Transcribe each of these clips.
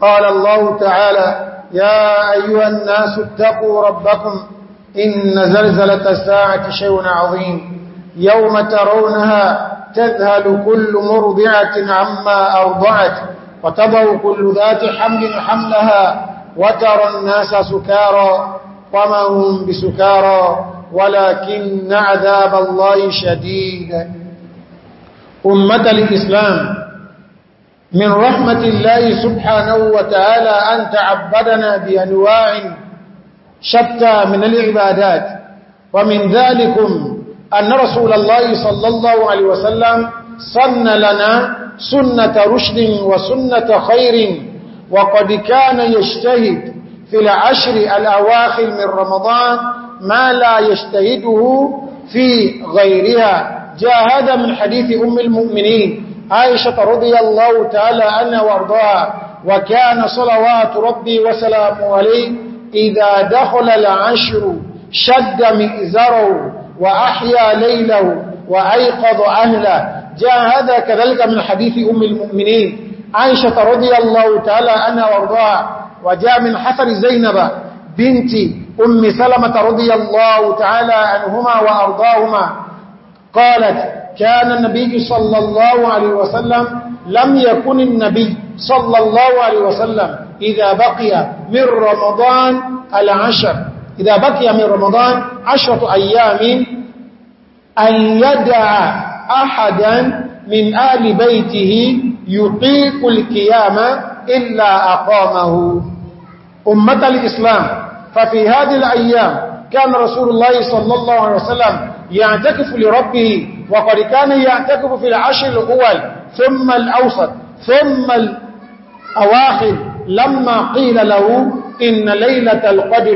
قال الله تعالى يا أيها الناس اتقوا ربكم إن زلزلة الساعة شيء عظيم يوم ترونها تذهل كل مرضعة عما أرضعت وتضع كل ذات حمل حملها وترى الناس سكارى وما هم بسكارى ولكن عذاب الله شديد أمة الإسلام من رحمة الله سبحانه وتعالى أن تعبدنا بأنواع شتى من العبادات ومن ذلك أن رسول الله صلى الله عليه وسلم صن لنا سنة رشد وسنة خير وقد كان يجتهد في العشر الأواخر من رمضان ما لا يجتهده في غيرها جاهد من حديث أم المؤمنين عائشة رضي الله تعالى عنها وارضاها وكان صلوات ربي وسلامه عليه إذا دخل العشر شد مئزره وأحيا ليله وأيقظ أهله جاء هذا كذلك من حديث أم المؤمنين عائشة رضي الله تعالى عنها وارضاها وجاء من حسن زينب بنت أم سلمة رضي الله تعالى عنهما وأرضاهما قالت كان النبي صلى الله عليه وسلم لم يكن النبي صلى الله عليه وسلم إذا بقي من رمضان العشر إذا بقي من رمضان عشرة أيام أن يدع أحدا من آل بيته يطيق الكيام إلا أقامه أمة الإسلام ففي هذه الأيام كان رسول الله صلى الله عليه وسلم يعتكف لربه وقد كان يعتكف في العشر الأول ثم الأوسط ثم الأواخر لما قيل له إن ليلة القدر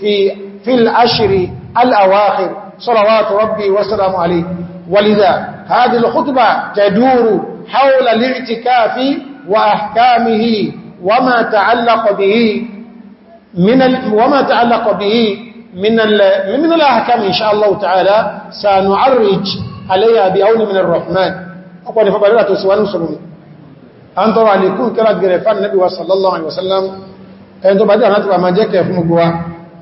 في, في العشر الأواخر صلوات ربي وسلام عليه ولذا هذه الخطبة تدور حول الاعتكاف وأحكامه وما تعلق به من ال... وما تعلق به من ال... من الأحكام إن شاء الله تعالى سنعرج عليها بعون من الرحمن أقول فبريرة سوان سلمي أن ترى أن يكون كرة جريفان النبي صلى الله عليه وسلم أن تبعد أن أتبع ما جاك يفهم بوا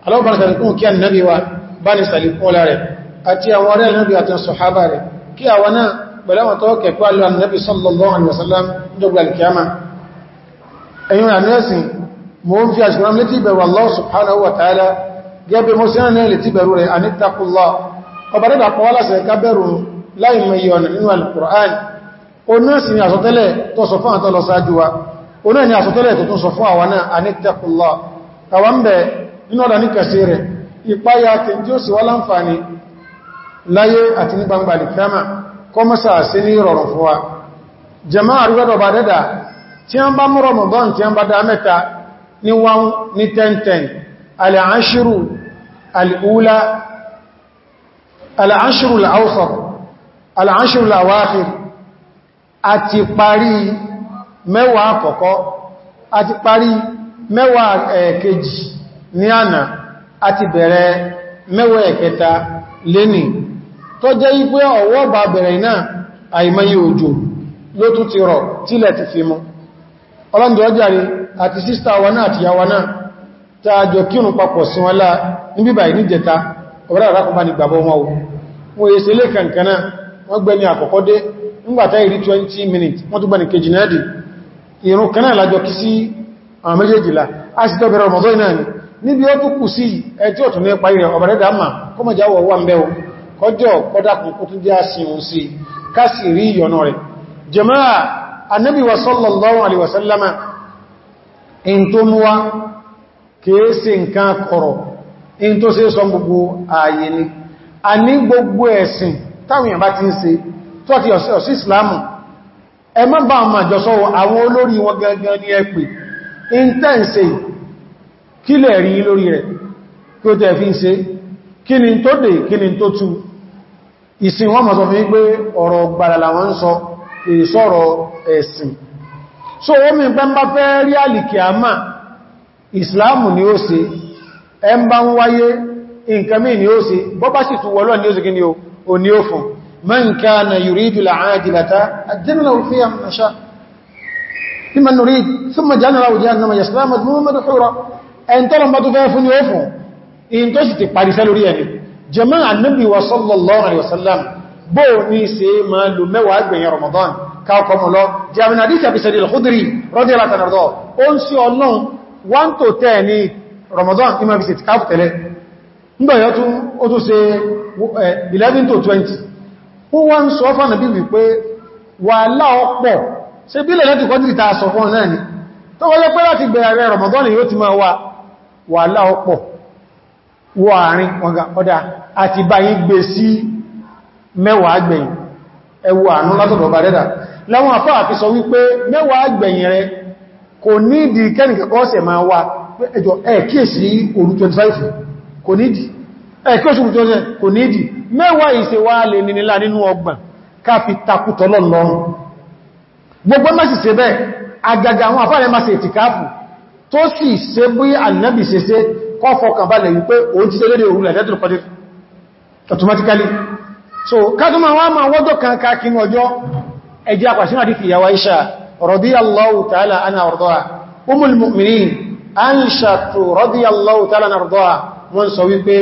ألو بارك أن يكون كي النبي وباني سليم أولاري أتي أوري النبي أتي الصحابة كي أونا بلا ما توقع قال النبي صلى الله عليه وسلم جبل الكيامة أيها الناس مهم في أشكرام لتبر الله سبحانه وتعالى جاب موسيانا لتبروا أن اتقوا الله وبرد أقوال سيكبروا láì mẹ́yẹ ọ̀nà nínú al-Qur'an o náà sì ni àsọtẹ́lẹ̀ tó sọ fún àtọ́lọ sáájú wa o náà ni àsọtẹ́lẹ̀ tó tún sọ fún àwọn náà anítẹ́kùnlọ àwọn bẹ̀ nínú ọ̀dá ní kẹsẹ̀ rẹ̀ ìpáyà tí tí ó sì wá láǹfààní láyé àti ní gbangba alìkíyàmà kọmọ́sà sí ní al-ashr al-awakhir àti parí mẹ́wàá àkọ́kọ́ àti parí mẹ́wàá ẹ̀kejì ní àná àti bẹ̀rẹ̀ mẹ́wàá ẹ̀kẹta lẹ́ni tó jẹ́ ipé ọwọ́ bá bẹ̀rẹ̀ náà àìmọye òjò ló tún ti rọ̀ tílẹ̀ ti fi mú ọlọ́njọ́járe àti sísta wa náà àti yàwa náà tààjọ kírùn papọ̀ sí wọn láà níbíbà ìníjẹta ọ̀rẹ́ àrákùnbá wọn o wọ́n yẹ sílé kankanáà wọ́n gbẹ́ ní àkọ́kọ́ dé nígbàtá ìrí 20 minutes wọ́n tó gbẹ́ ní kejì náà dì ìrun kan náà lájọ kí sí àwọn méjèèjìlá a sì tọ́ bẹ̀rẹ̀ ọmọdọ́ ìnáà ni níbi ó tó kù sí ẹtí ọ̀tún ní ẹpa ìrẹ̀ ọ̀bẹ̀rẹ̀dà mà wasallama in tó múwa kèése nǹkan kọ̀rọ̀ in tó sí a ní gbogbo ẹ̀sìn táwọn èèyàn bá ti ń ṣe tó àti ọ̀sí ìsìlámù ẹ má bá ọmọ àjọsọ àwọn olórí wọn gangan ní ẹ̀pì intense kí lẹ̀ rí lórí rẹ̀ kí ó tẹ́ fi ń ṣe kí ni tó dé kí ni tó tú ìsìn wọn mọ̀ sọ fún ọ̀rọ̀ gbàràlà wọn sọ ìsọ̀rọ̀ ẹ̀sìn so omi pẹ́ mbá fẹ́ rí àlìkì ni ó ṣe ẹ ń ni ó ṣe bọ́bá sì tún wọ́lọ́ òní ó fún man kana yuridu al-aajilata ajjalna lahu fiha ma nasha mimman nurid thumma ja'alna lahu jahannama yaslaha madhmuman madhura ẹn tọ́lọ̀ bá tó fẹ́ fún ní ó fún in tó sì ti parisẹ́ lórí ẹni jẹmọ́ annabi wa sallallahu alaihi wasallam bó ní ṣe ma lò mẹ́wàá gbẹ̀yìn ramadan káàkọmọ lọ 11 eh, to 20 ó wá ń sọ fánà bí wípé wàhálà ọ̀pọ̀ ṣe bí lẹ̀ lẹ́tù kọ́dìrì ta sọ fún náà ni tó wọ́n lẹ́pẹ́ láti bẹ̀rẹ̀ Ramadan yóò ti máa wà wàhálà ọ̀pọ̀ wọ àárín ọ̀dá àti báyí gbé sí mẹ́wàá gbẹ̀yìn ẹwọ àánú látọ̀dọ̀ bá dẹ́dà láwọn afọ́ àfi sọ wípé mẹ́wàá gbẹ̀yìn rẹ kò nídìí kẹ́nìkẹ́kọ́ ọ̀sẹ̀ máa wà ẹjọ́ ẹ̀ kíyèsí òru 25 kò nídìí ẹ̀kí oṣù tó ṣe kò nídì mẹ́wàá ìṣe wá lè nìlá nínú ọgbọ̀n ká fi takútọ̀ lọ́lọ́run gbogbo mẹ́sì ṣe bẹ́ẹ̀ agaga àwọn afárẹ máa ṣe ìtìkáàfù tó sì ṣe bí ànábì ṣe ṣe kọ́ fọkàn so kátùmọ̀ wọ́n máa wọ́jọ́ kan káàkiri ọjọ́ ẹjẹ́ àpàṣínà àti fìyàwó Aisha radiyallahu ta'ala anha ardaha umul mu'minin Aisha radiyallahu ta'ala anha ardaha wọ́n sọ wípé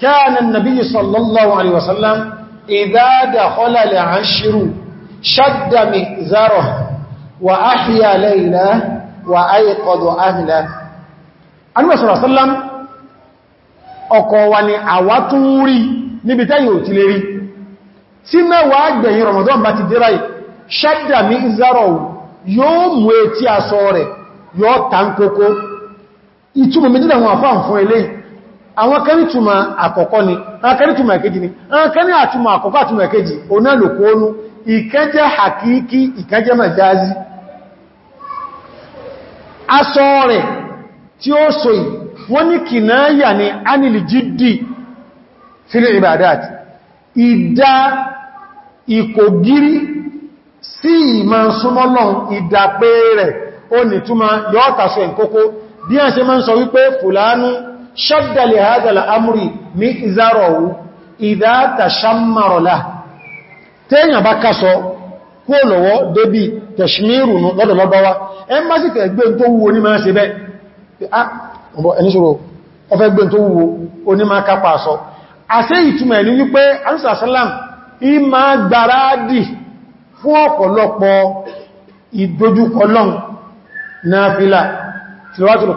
كان النبي صلى الله عليه وسلم إذا دخل العشر شد مئزره وأحيا ليله وأيقظ أهله Ànábì sallallahu alaihi wasallam ọkọ̀ wa ni àwa tún rí níbi tẹ́yìn ò ti lè rí tí mẹ́wàá gbẹ̀yìn Ramadan bá ti dírá ṣádà ní ìzárọ̀ yóò mú etí aṣọ rẹ̀ yóò tàǹkókó ìtumọ̀ méjìlá wọn àfáà fún eléyìí àwọn kan ní túnmà àkọ́kọ́ ni àwọn kan ní túnmà èkejì ni àwọn kan àtúnmà àkọ́kọ́ àtúnmà èkejì oná lòkó ónú ìkẹjẹ́ hakiki ìkẹjẹ́ majazi aṣọ rẹ̀ tí ó so yìí wọ́n ní kìnáyà ni anìlì jídì fil ibadat ìdá ìkògírí sí ìmọ̀ súnmọ́lọ́ ìdàpé rẹ̀ ó nìtúnmà bí a ṣe máa ń sọ wípé fùlánú شد لهذا الأمر مئزره إذا تشمر له تين بكسو كولو دبي تشمير لọ́dọ̀ lọ́bọ́wá ẹmà sí ẹgbẹ́ tó wúwo ní máa ṣe bẹ́ ah, ẹnìṣòro ọfẹ́ ẹgbẹ́ tó wúwo oní máa kápa sọ àṣẹ ìtumẹ̀ ní wípé ansàsálàm ìmá gbáradì fún ọ̀pọ̀lọpọ̀ ìdojúkọlọ́n náà fílà tìlọ́wàtìlọ̀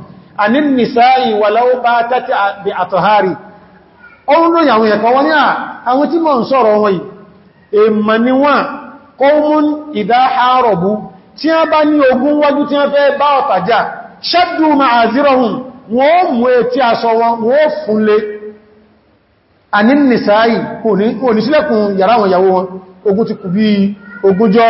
àní nìsáyì wà láwọ́ bá tàtí bí àtọ̀hárì ọrún lóyìn àwọn ẹ̀kọ́ wọ́n ní àwọn tí mọ̀ ń sọ̀rọ̀ wọ́n yìí èmà ni wọ́n kọ́mún ìdáhárọ̀bú tí a bá ní ogun wájú tí a fẹ́ bá ọ̀tàjá ṣẹ́dù ma'azirahun wọ́n mú etí aṣọ wọn wọ́n fúnlé àní nìsáyì kò ní sílẹ̀kùn yàrá wọn yàwó wọn ogun ti kù bí ogúnjọ́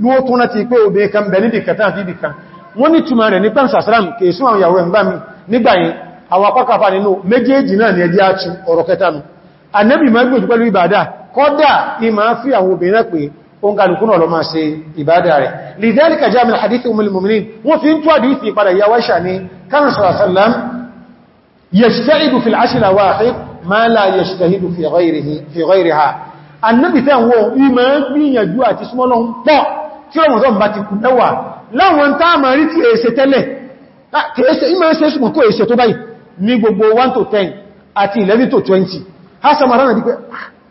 ló tún láti pé obìnrin kan bẹ̀ nídìí kẹta àti ìdìkan wọ́n ní túnmà rẹ̀ ní pẹ́nsà sàrám kèèsùn àwọn ìyàwó ẹ̀mbá mi nígbàyìn àwọn apákàfà nínú méjèèjì náà ni ẹjẹ́ àti ọ̀rọ̀ kẹta mi anẹ́bì máa gbòjú pẹ̀lú ìbàdà kọ́dà ní máa fi àwọn obìnrin pé oun kàlùkún ọ̀lọ́ máa ṣe ìbàdà rẹ̀ lidhalika jami hadith umul mu'minin wọ́n fi ń tó àdífì padà ya wáṣà ní kan sallam yashtahidu fil ashri àti smolon po tí Ramadan bá ti kù mẹ́wàá láwọn táàmà rí tí èsẹ tẹ́lẹ̀ ìmọ̀ ẹsẹ ṣùgbọ́n kó èsẹ tó báyìí ní gbogbo 1 to 10 àti 11 to 20 Hassan marana dípẹ́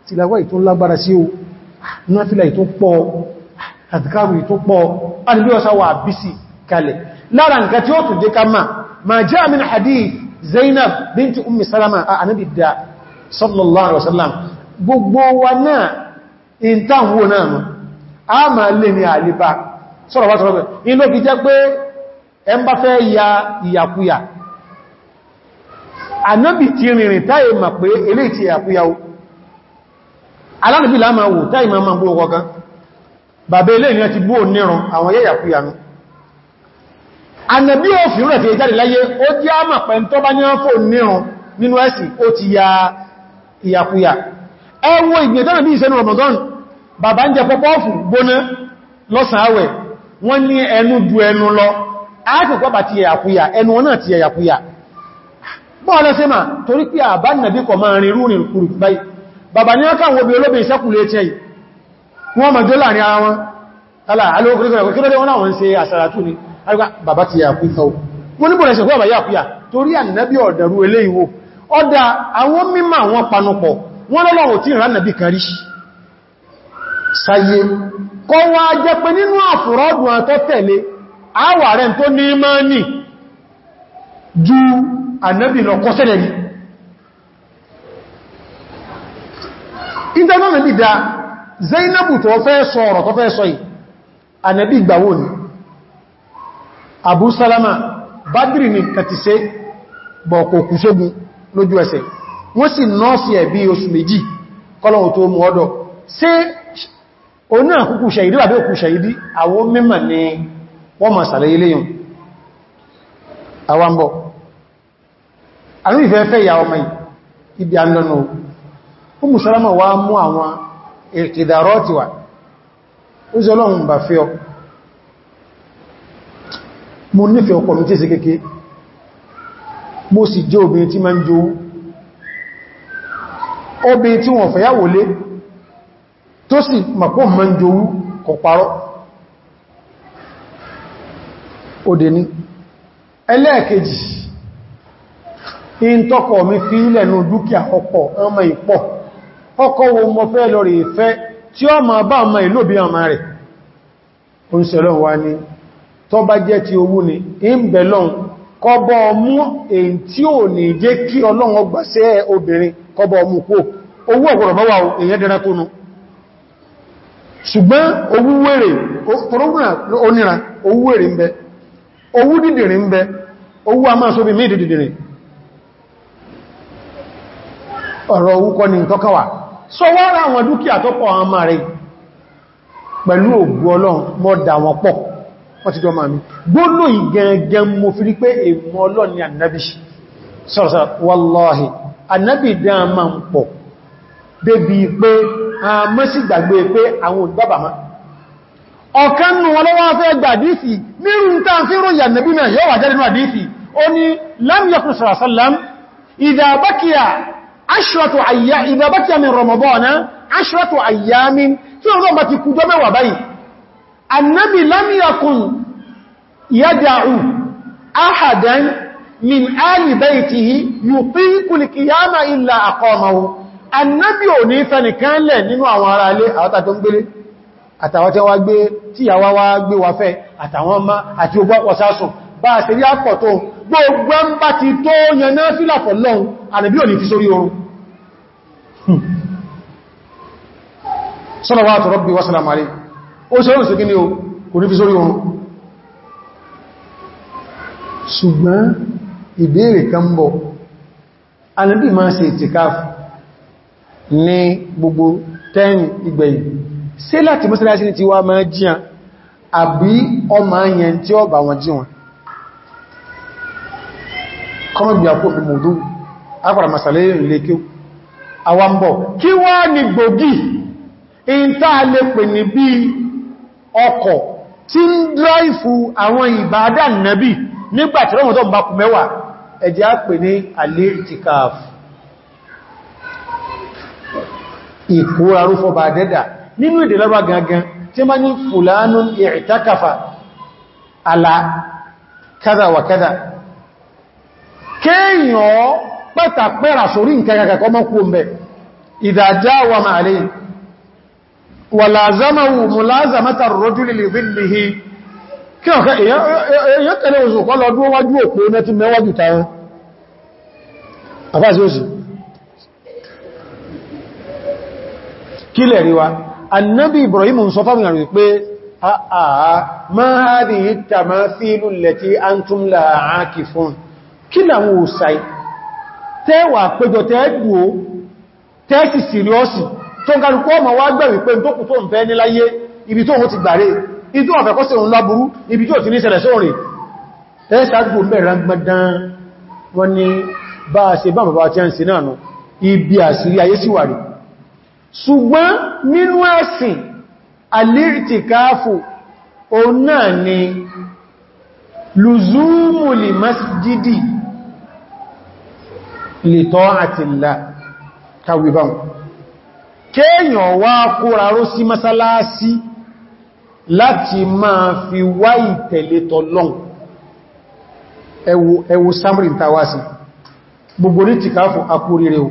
tìlàwà ìtún lágbára sí o ah, náfílà ìtún pọ̀ ah, àdìkàrù ìtún pọ̀ alìlú ọ̀sá wà bísì kalẹ̀ lára nǹkan tí ó tún jẹ́ ká Salama a sallallahu alaihi wasallam gbogbo wa náà in táwọn náà a máa lè ní àlébá sọ́rọ̀ bá sọ́rọ̀ bẹ̀rẹ̀ inú fi jẹ́ pé ẹn bá fẹ́ ya ìyàkúyà anábì ti rìnrìn táì mà pé ilé ti ìyàkúyà o alábìbí láàmà wò táì ma máa gbóòkọ kan bàbá ilé ìrìn àti gbóò nírun àwọn yẹ́ ìyàkúyà nù anábì ò fi rẹ̀ fi jáde láyé ó ẹwọ ìgbẹ̀tọ́nà bí ìṣẹ́nu Ramadan bàbá ń jẹ pọ́pọ́ọ̀fù gbóná lọ́sàn àwẹ̀ wọ́n ní ẹnu du ẹnu lọ ákùnkọ́ bà ti ẹ̀yàkúyà ẹnu wọn náà ti ẹ̀yàkúyà bọ́ọ̀lọ́ sí ma torí pé àbá nàbí kọ̀ máa rin rúrin kúrù báyìí bàbá ní ọkà wo bí olóbi ìṣẹ́kùnlé ẹ̀tẹ́ yìí wọ́n mọ̀ jọ láàrin ara wọn tààlà alókùnrin wọ́n lọ́lọ́wọ̀ tí ìrànàbí kan rí sáyé kọ́ wá jẹ́ pé nínú àfúrọ́dùn àtọ́ tẹ̀lé àwà rẹ̀ tó ní máa nì ju ànábì lọ kọ́sẹ̀lẹ̀ rí ìdáná nàbì dá Zainabu tó fẹ́ sọ ọ̀rọ̀ tó fẹ́ sọ yìí ànábì gbàwó ni Abu Salama Badri ni kàtìsẹ́ bọ̀kọ̀ kùsógun lójú ẹsẹ̀ wọ́n sì nọ́ọ̀sì ẹ̀bí oṣù méjì kọ́lọ̀ tó mú ọdọ̀ sí oní àkúkù ṣẹ̀ìdí wà bí òkú ṣẹ̀ìdí àwọn mímọ̀ ni wọ́n ma sàlẹ̀ ilé yìí àwambọ̀. àwọn ìfẹ́fẹ́ ìyà ọmọ ibi àndọ̀nà ó mú sọ́lámà wá mú àwọn ìtìdàrọ́ ti wà ó zọ sì jẹ́ obìnrin tí ma ń jó obìnrin tí wọ́n fẹ́yàwó lé tó sì mọ̀pọ̀ mọ́ jowú kò parọ́ òdè ní ẹlẹ́ẹ̀kejì in tọ́kọ̀ mi fi ilẹ̀ nù dúkìá ọ̀pọ̀ ọmọ ìpọ̀ tí ọ ma bá ọmọ ìlú bí ọmọ rẹ̀ o ń sẹ̀lọ́n wá ní ti owó ni in bẹ̀lọ́n kọbọ̀ ọmú èyí tí ò ní jẹ́ kí ọlọ́run obìnrin ọmú kó owó ṣùgbọ́n owó onira tọrọgbọ́n oníra owó wèrè ń bẹ owó dìdìrì ń bẹ a máa sóbi dìdìrì ọ̀rọ̀ ni tọ́kọwà sọ wọ́n àwọn dúkìá tó pọ̀ àwọn máa pẹ̀lú ògbú ọlọ́run mọ́ mo fi rí débi pé a mọ́sí gbàgbé pé àwọn òdìbàbà má ọ̀kan nù wọn lọ́wọ́ fẹ́ gbà dìísì nírù ń tàn fírò yà nàbí náà yóò wà jẹ́rìnà dìísì ó ní lámìyàkùn sàrásàlám ìdàbákíyà aṣírọ̀tù àyà ìdàbákíyà min rọmọbọ́ọ̀ná aṣírọ̀tù àyà min tí ó rọ̀mọ̀ ti kùjọ mẹ́wàá báyìí annabi lámìyàkùn annabi ò ní fẹ́nìkan lẹ̀ nínú àwọn ará ilé àwọ́ta tó ń gbélé àtàwọn tí wá gbé tí àwá wá gbé wà fẹ́ àtàwọn ọmọ àti ogbó pọ̀sásùn bá a sẹ̀rí àpọ̀ tó gbogbo ń bá ti tó yẹnà fílàpọ̀ lọ́un ànàbí ò ní fi sórí oorun hmm. salawatu rabbi ìtìkáfù ní gbogbo tẹ́yìn ìgbẹ̀yìn sí láti mọ́sílásí ti wá máa jíyàn àbí ọmọ ayẹn tí ó bá wọn jíwọn kọ́mọ̀gbì àpò ìmòdó agbára masalẹ̀ ìlékí àwambọ̀ kí wá ní gbògì in táà lè pè ní bí ọkọ̀ tí ń dráìfù àwọn ìbádà nàbì nígbàtí pè ní ìkúrarú fọ́ bá dẹ́dà nínú èdè lọ́rọ̀ gangan tí ma ní fulanu ìrìtakafa ala kada wa kada kéèyàn pẹ́ta pẹ́ra sórí nkẹ́kẹ́kọ́ mọ́kú mẹ́ ìdàjá wa ma alẹ́ wà lázamahu mulazamata rọ́júlì lè zílìhì kí ọ̀kẹ́ èyàn tẹ́lẹ̀ òṣùkọ́ lọ dúó wájú òpó kílẹ̀ ríwá annabi ibrahim ń sọ fáwọn àrùn pé àà ma hadhihi tamathilu allati antum laha aakifun kí làwọn òsàí ń kàrùkú ọmọ wá gbẹ̀rù pé tó kù tó ń fẹ́ ní láyé tó ń ti gbàrẹ́ ibi tó ọ̀fẹ́ kọ́ àṣírí ayé síwàrí ṣùgbọ́n nínú ẹ̀sìn alìrìtìkáàfù òun náà ni lùzúmùlì masjidi lìtọ́ àti ìlà kàwìbọn kéèyàn wá kóraró sí masalásí láti máa fi wá ìtẹ̀lé tọ́lọ́n ẹwù samrin tawasi gbogbo ní tìkáàfù akúrí rẹ̀ o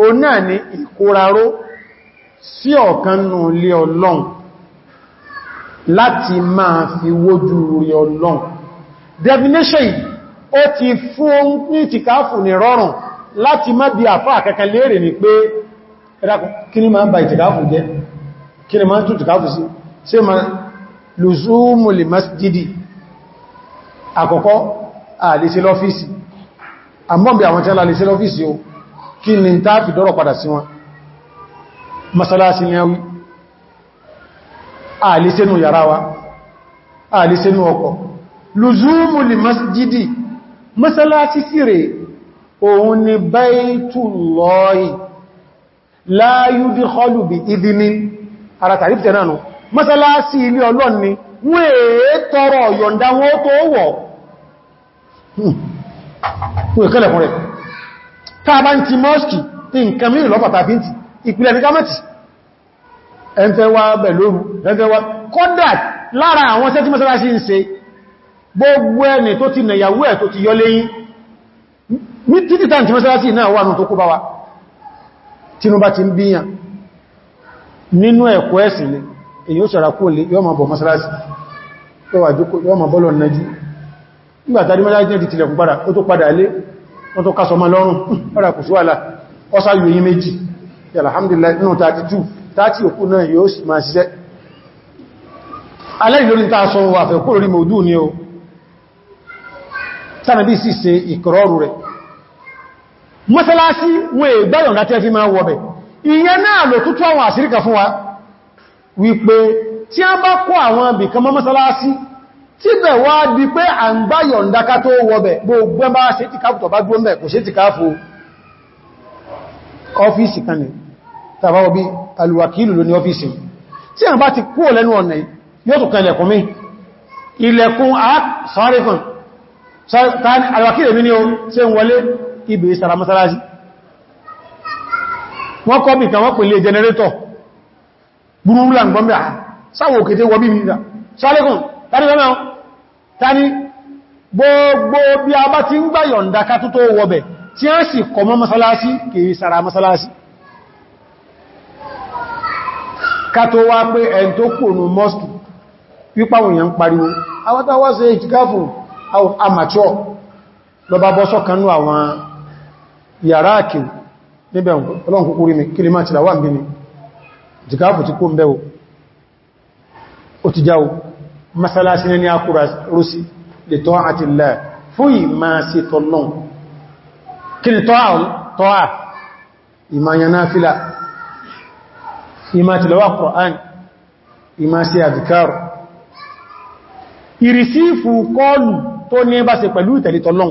o náà ni ìkóraró sí ọ̀kan nù lé ọlọ́run láti máa fi wójú rí ọlọ́run definition ó ti fún ní tìkáfù ní rọrùn láti má bí àfá àkẹ́kẹ́ léèrè ni pé kí ni máa ń ba ìtìkáfù jẹ́ kí ni máa ń tún tìkáfù sí sí ma lùzúmù masjidi àkọ́kọ́ àlèsí àmọ́bí àwọn tí a lè sí o kí ni tá fi dọ́rọ̀ padà sí wọn masalasi ni ẹwí àìlísẹ́nù yàrá wa àìlísẹ́nù ọkọ̀ lùzúmù lè masjidi masalasi sí rẹ̀ òun ni baytullahi la yudkhalu bi idhnin ara tàrífì tẹ̀ náà masalasi ilé ọlọ́n ni wọ́n èé tọrọ yọ̀ndá wọ́n tó wọ̀ hmm. wọ́n tàbá ti mọ́ṣkì nǹkan mìírìn lọ́pàá fi ń ti ìpìlẹ̀ ní kámẹ́tì ẹnfẹ́wà bẹ̀lóru ẹnfẹ́wà kọ́dà lára àwọn sẹ́tí mọ́sálásí ń ṣe gbogbo ẹni tó ti nàyàwó ẹ̀ tó ti yọ léyìn títí tàn tí mọ́sálásí náà wà nù tó kó bá wa tínúbá ti ń bíyàn nínú ẹ̀kọ́ ẹ̀sìn ni èyí ó ṣàrà kú ti tilẹ̀kùn padà ó tó padà lé wọ́n tó kásọ ma lọ́rùn ọ̀rà kò síwàlá ọ́sá yóò yí méjì alhamdulillah nínú 32 30 òkú náà yóò sì máa ṣiṣẹ́ alẹ́ ìlórí ta sọ wà fẹ́ kúrò rí mọ̀dú ni o tánàbí sì ṣe ìkọrọrù wa wípé tí a bá kó àwọn abìkan mọ́ mọ́sálásí tí bẹ̀ wá di pé à ń gbá yọ̀ndáká tó wọ́bẹ̀ gbogbo ẹmà ṣe ti káàpù tọ̀bá gbó mẹ́ kò ṣe ti káàfù ọ́fíìsì kan ní tàbá wọ́bí alùwàkílù ló ní ọ́fíìsì tí a bá ti kú lẹ́nu ọ̀nà yóò tún kan ilẹ̀kùn mi ilẹ̀kùn sọ́rífún alùwàkílù mi ni ó ṣe ń tàbí lọ́nà tani gbogbo bí a bá ti ń gbà yọ̀ǹda ká tó wọbẹ̀ tí a sì kọmọ masalasi kìí sara masalasi ká tó wá pé ẹn tó kòrò mọ́sù pípàwọn èèyàn pariwo awátawá sí ìtìkáfù amateur lọ bá bọ́ sọ́kanú àwọn yàrá àkìw níbẹ̀ ọlọ́run kúkúrí mi masalasi ní akúra rúsí lè tọ́ àti lẹ́ fún ìmá sí tọ́lọ́n kí ni tọ́à ìmá yanáfílà ìmá tìlọ́wà Kùránì ìmá sí àdìkárù ìrìsífù kọlù tó ní bá ṣe pẹ̀lú ìtẹ̀lé tọ́lọ́n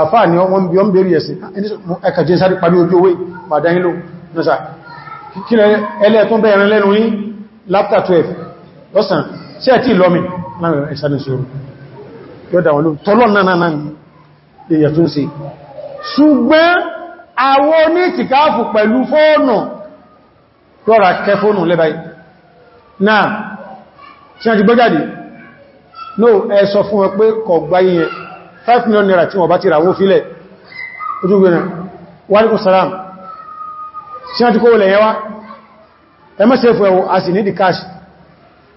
àfáà ni wọ́n bí wọ́n bèèrè ẹ̀sìn ẹkàjẹ́ sáré parí ojú owó pàdáyínlò nọ́sà kí ẹlẹ́ tó bẹ̀rẹ̀ lẹ́nu ní láptà 12 lọ́sàn sí ẹ̀tí lọ́mí láàrin ẹ̀sàdì sọ́rọ̀ yọ́dá wọn ló tọ́lọ́ náà náà èyà tó ń ṣe ṣùgbọ́n àwọn onítìkáàfù pẹ̀lú fóònù rọ́rà kẹ fóònù lẹ́bàáyì náà tí a ti gbọ́jáde no ẹ sọ fún wọn pé kọ̀ gbáyé yẹn 5 million naira tí wọ́n bá ti rà wó fílẹ̀ ojúgbìnà wàríkùn salam tí a ti kó wọlẹ̀ yẹn wá ẹ mọ́ sí ẹ̀fù sì ní di cash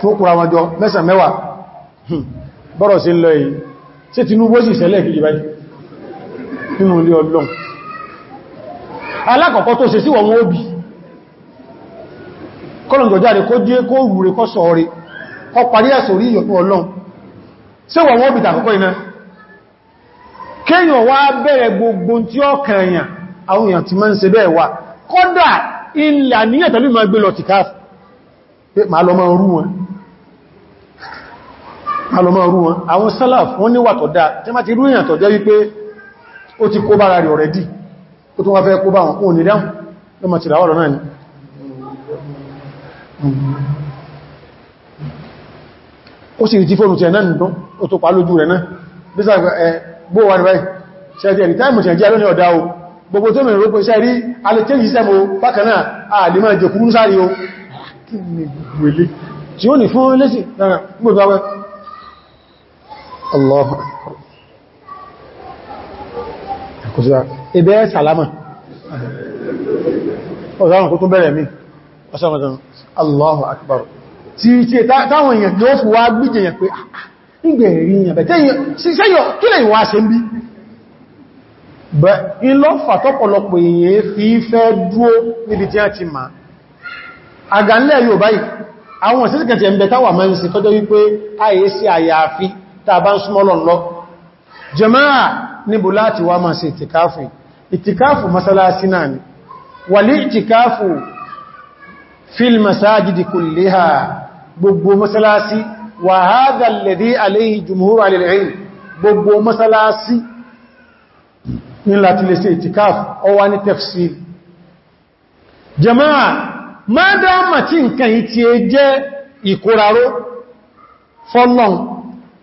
fún kúra wọn jọ mẹ́sàn mẹ́wàá hmm. bọ́rọ̀ sí lọ èyí sí Tinubu sì sẹ́lẹ̀ kìí báyìí nínú ilé ọlọ́n alákọ̀ọ́kọ́ tó ṣe sí wọn obi kọ́lọ̀njọ̀járe kó díé kó rúre kọ́ kọ parí ẹ̀sọ̀rí ìyọ̀tún ọlọ́n sí lọ alọ́mọ̀ orú wọn àwọn sálàf wọ́n níwà tọ̀ dáa tí má ti rú èyàn tọ̀ jẹ́ wípé ó ti kó bára rẹ̀ ọ̀rẹ́dì ó tún wá fẹ́ kó bá wọn kún ní dáhùn lọ́mọ̀ ti ràwọ̀rọ̀ náà ni ó sì ti fóònù tẹ̀ náà nìdán ó tó pa lójú rẹ̀ náà bí sáàgbà ẹ̀ bó wà tí ó ní fún lẹ́sìn gbogbo awẹ́ Allahu akbar. Àkùsíwá, ibẹ́ sàlámà. Ọ̀sáwọn kò tún bẹ̀rẹ̀ mi, ọ̀sáwọn Allahu akbar. Tí tí táwọn èèyàn tó fi wá gbíjẹ yẹn pé, ah, ah, nígbẹ̀ rí yẹn bẹ̀ tẹ́yọ kí lẹ́yìn wá ṣe ń bí? Bẹ̀ ilọ́ fàtọ́pọ̀lọpọ̀ èèyàn fi fẹ́ dúó níbi tí a ti máa. Àgà ńlẹ̀ yóò báyìí, àwọn ìsẹ́sìkẹ̀ tẹ̀ ń bẹ táwà máa ń tọ́jọ́ wípé àyè sí àyàfi tàbá ń súnmọ́ lọ́n lọ jama'a níbo láti wá máa ṣe ìtìkáfù ìtìkáfù masalasi náà ni wàlí ìtìkáfù fil masajidi kulliha gbogbo masalasi wa hadha alladhi alayhi jumhur alil ilm gbogbo masalasi ní láti lè ṣe ìtìkáfù ó wà ní tafsir jama'a ma dáma tí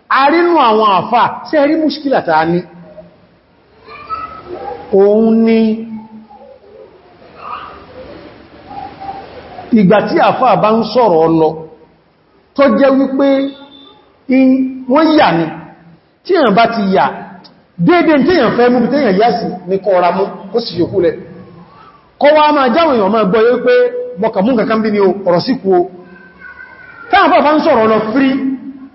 arínú àwọn àfà ṣe rí múṣkílà tàà ní òun ni ìgbà tí àfà bá ń sọ̀rọ̀ ọlọ tó jẹ́ wípé wọ́n yà ní tí èyàn bá ti yà dédé tí èyàn fẹ́ mú bí tí èyàn yà sí ní kọ́ ọ̀rá mú kó sì yòkú lẹ kọ́ máa jáwọn o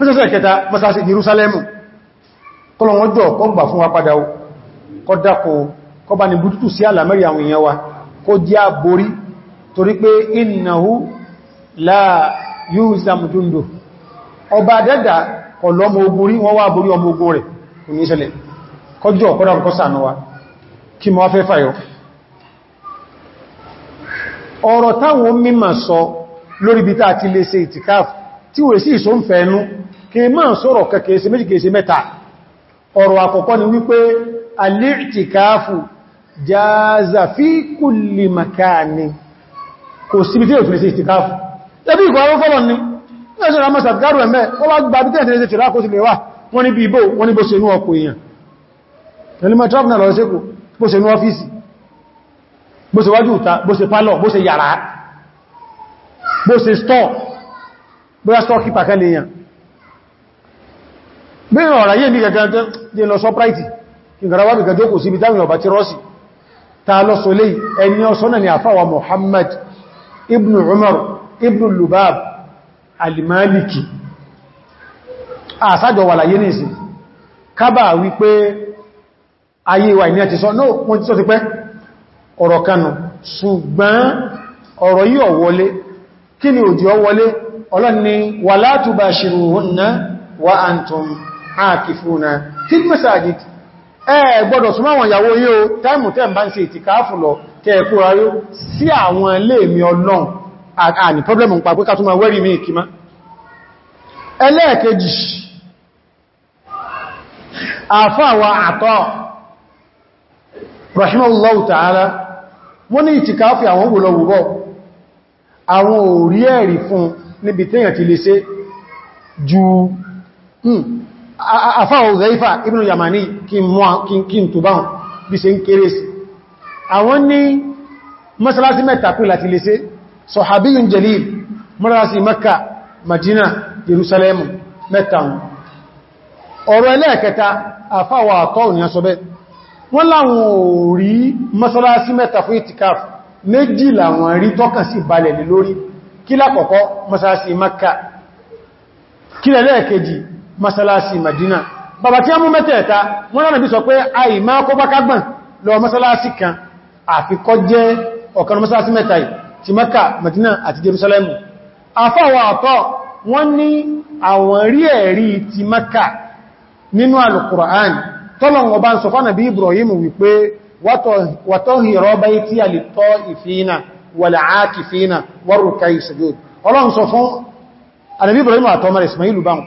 pẹ́sẹ̀sẹ̀ kẹta masasi Jerusalemu kọlọ̀wọ́n jọ kọ gbà fún wa padà o kọ dákò kọ bá ní bútútù sí àlàmẹ́rì àwọn èèyàn wa kó jẹ́ àborí torí pé innahu la yuzam jundu ọba dẹ́dà kọlọ́mọ ogorí wọ́n wá borí ọmọ ogun rẹ̀ kò ní ìṣẹ̀lẹ̀ kọjọ kọ́dá kọ́sà náà wa kí mọ́ tí wò sí ìṣòǹfẹ́ ẹnu kí máa sọ̀rọ̀ kẹkẹsẹ méjì kẹsẹ mẹ́ta ọ̀rọ̀ àkọ́kọ́ ni wípé alìtìkáfù jáza fi kulli makani kò síbi tí òfin sí ìtìkáfù tẹ́bí ìkọ̀ àwọn fọ́lọ̀ ni ẹ̀ṣọ́ ìrámọ́ sàtìkárù ẹ̀mẹ́ ó wá gbà bí tẹ́ẹ̀tẹ́ ti rákó sí lè wà wọ́n ní bí ibò wọ́n ní bó ṣe inú ọkọ̀ èèyàn ẹlùmọ̀ trump náà bẹ́ẹ̀ ọ̀rọ̀ ayé ní gẹ̀gẹ̀ tẹ́ jẹ́ lọ sọpráìtì ìgbàrawà bí gẹjọ́ kò sí ibi táwọn ọba ti rọ́sì ta lọ sọ lè ẹni ni àfáwà Muhammad ibn Umar ibn Lubab alimaliki àsájọ wà láyé nìsí kábà wípé ayé wà ní àti sọ ti kanu wa antum àkìfúnà tí mẹ́sàájì ẹ gbọ́dọ̀ súnmọ́ àwọn ìyàwó yíò táìmù tẹ́ bá ń ṣe ìtìkáàfù lọ kẹ́ẹ̀kú ayó sí àwọn ilé mi ọlọ́run pọ́blẹ̀mù ń pàpẹ́ kàtúnmà wẹ́rí mi ìkìmá ẹlẹ́ẹ̀kejì àfáàwà àtọ́ rahimahullahu ta'ala wọ́n ní ìtìkáàfù àwọn ògbòlọ́wùbọ́ àwọn òrí ẹ̀rí fún níbi tẹ́yàn ti lè ṣe ju hmm, àfáà Uzaifa ibn Yamani kí n tó báhùn bí ṣe ń kéré sí àwọn ní mọ́sálásí mẹ́ta pín láti lè ṣe sọ̀hábíyùn jalil mọ́sálásí Makka Madina Jerusalem mẹ́ta ọ̀rọ̀ ẹlẹ́ẹ̀kẹta àfáwà àtọ́ òní asọ́bẹ́ wọ́n láwọn ò rí mọ́sálásí mẹ́ta fún itikaf méjì làwọn rí tọ́kà sí balẹ̀ lórí kí lákọ̀ọ́kọ́ masalasi madina bàbá tí a mú mẹ́tẹ̀ẹ̀ta wọ́n lánàbí sọ pé àì máa kó bákagbọ̀n lọ masalasi kan àfikọ́ jẹ́ ọ̀kan masalasi mẹ́ta ti maka madina àti jerusalem afọ́wọ́ àtọ́ wọ́n ní àwọn rí ẹ̀rí ti maka nínú alukura'an tọ́lọ̀ ọba ń sọ fánà bí ibrahim wípé wàtọ́hìrọ bá tí a lè tọ́ ìfina wàlàákìfina wárùkà ọlọ́run sọ fún ànàbí ibrahim àtọ́mọ̀ ismailu báhùn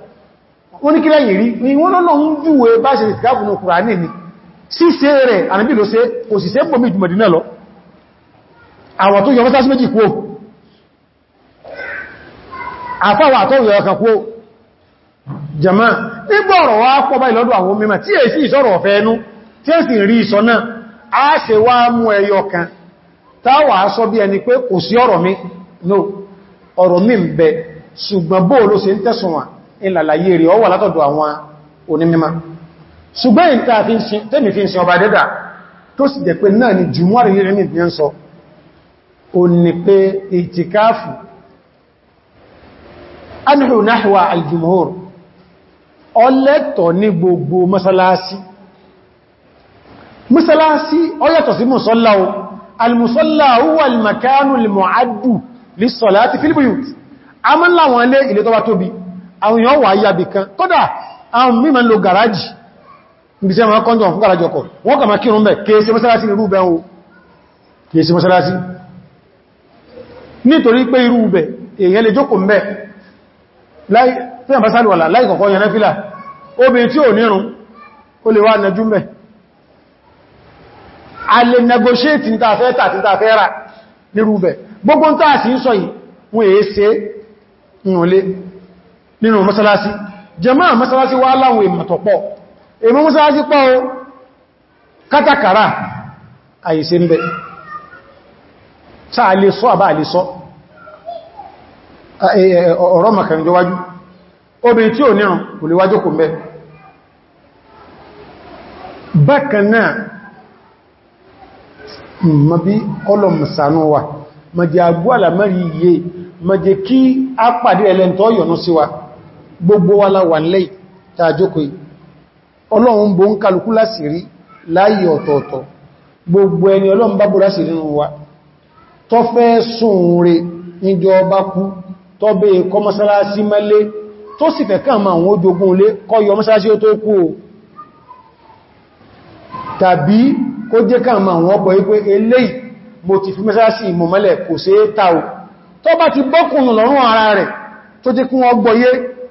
wọ́n ní kí lẹ́yìn rí ni wọ́n lọ́nà ń júwe bá ṣe ìtìkáàfù ní Kùránì ni ṣíṣe rẹ̀ ànábì ló ṣe kò sì ṣe gbòmí ìjùmọ̀dínà lọ àwọ̀ tó yọ mọ́sásí méjì kúò àfáwà tó yọ ọkà kúò jama nígbọ̀ ọ̀rọ̀ wá pọ̀ bá ìlọ́dọ̀ àwọn mímọ̀ tí mi no ọ̀rọ̀ mi ń bẹ ṣùgbọ́n bóò ló ṣe ń tẹ̀sùn wọn ìlàlàyé rí ọwà látọ̀dọ̀ àwọn onímímá ṣùgbọ́n ìta tẹ́mì fi ń sin ọba dẹ́dà tó sì jẹ́ pé náà ni jùmọ́rì ìrìnì ní ń sọ o ní pé ìtìkáàfù anhu nahwa aljumhur ọlẹ́tọ̀ ní gbogbo masalasi masalasi ọlẹ́tọ̀ sí musalla o almusalla huwa àwọn èèyàn wà yàbì kan kódà àwọn mímọ̀ lo garaji ibi tí a máa kọ́njọ fún garajọ kọ̀ wọ́n kà máa kírun bẹ̀ kéèsí mọ́sálásí ní rúbẹ̀ o kéèsí mọ́sálásí nítorí pé irú bẹ̀ èèyàn lè jókòó mẹ́ láì kọ̀kọ́ yẹn náfílà obìnrin tí ò nírun ó lè wá nẹjú mẹ́ nínú mọ́sálásí jàmáà mọ́sálásí wá láwọn ìmọ̀tọ̀pọ̀ èmú mọ́sálásí pọ́ o kátàkàrà àìsí ń bẹ sáà lè sọ àbá lè sọ ọ̀rọ̀ makarinjọwájú obìnrin tí ò nírùn kò lè wájú kò mẹ́ bákan náà ma bí ọlọ́mùsànú wa ma jẹ agbó àlàmẹ́rí iye ma jẹ kí á pàdé ẹlẹ́ntọ́ yọ̀nú sí wa gbogbo wa la wà nílẹ̀ tàjókòó ọlọ́run bó ń kálukú rí láyé ọ̀tọ̀ọ̀tọ̀ gbogbo ẹni ọlọ́run bá bó láṣìírí nínú wa tó fẹ́ sùn rẹ̀ níjọ ọba kú bẹ́ kọ́ mọ́sálásí mẹ́lé tó sì fẹ́ àwọn ojogun lé kọ́ mọ́sálásí tó kú ta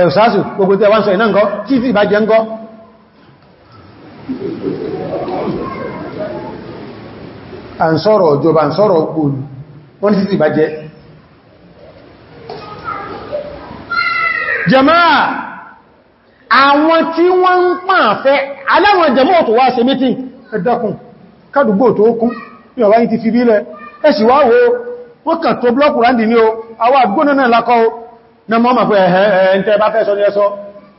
ẹ̀rùsáàsù gbogbo tẹ́ wọ́n sọ iná ǹkọ́ tí tí ìbá jẹ ǹkọ́ à ń sọ̀rọ̀ ìjọba à ń sọ̀rọ̀ òkúlù wọ́n tí tí ìbá jẹ jàmáà àwọn tí wọ́n ń pàǹfẹ́ aláwọn jàmáà tó wá ṣe mítí ẹ̀dọ́kùn kádùgbò tó kún ní ọ̀wá yìí ti fi bílẹ̀ ẹ̀sì wá wo wọ́n kàn tó blọ́kù na mọ́ ma fún ẹ̀hẹ́ tẹ́ bá fẹ́ sọ ní ẹsọ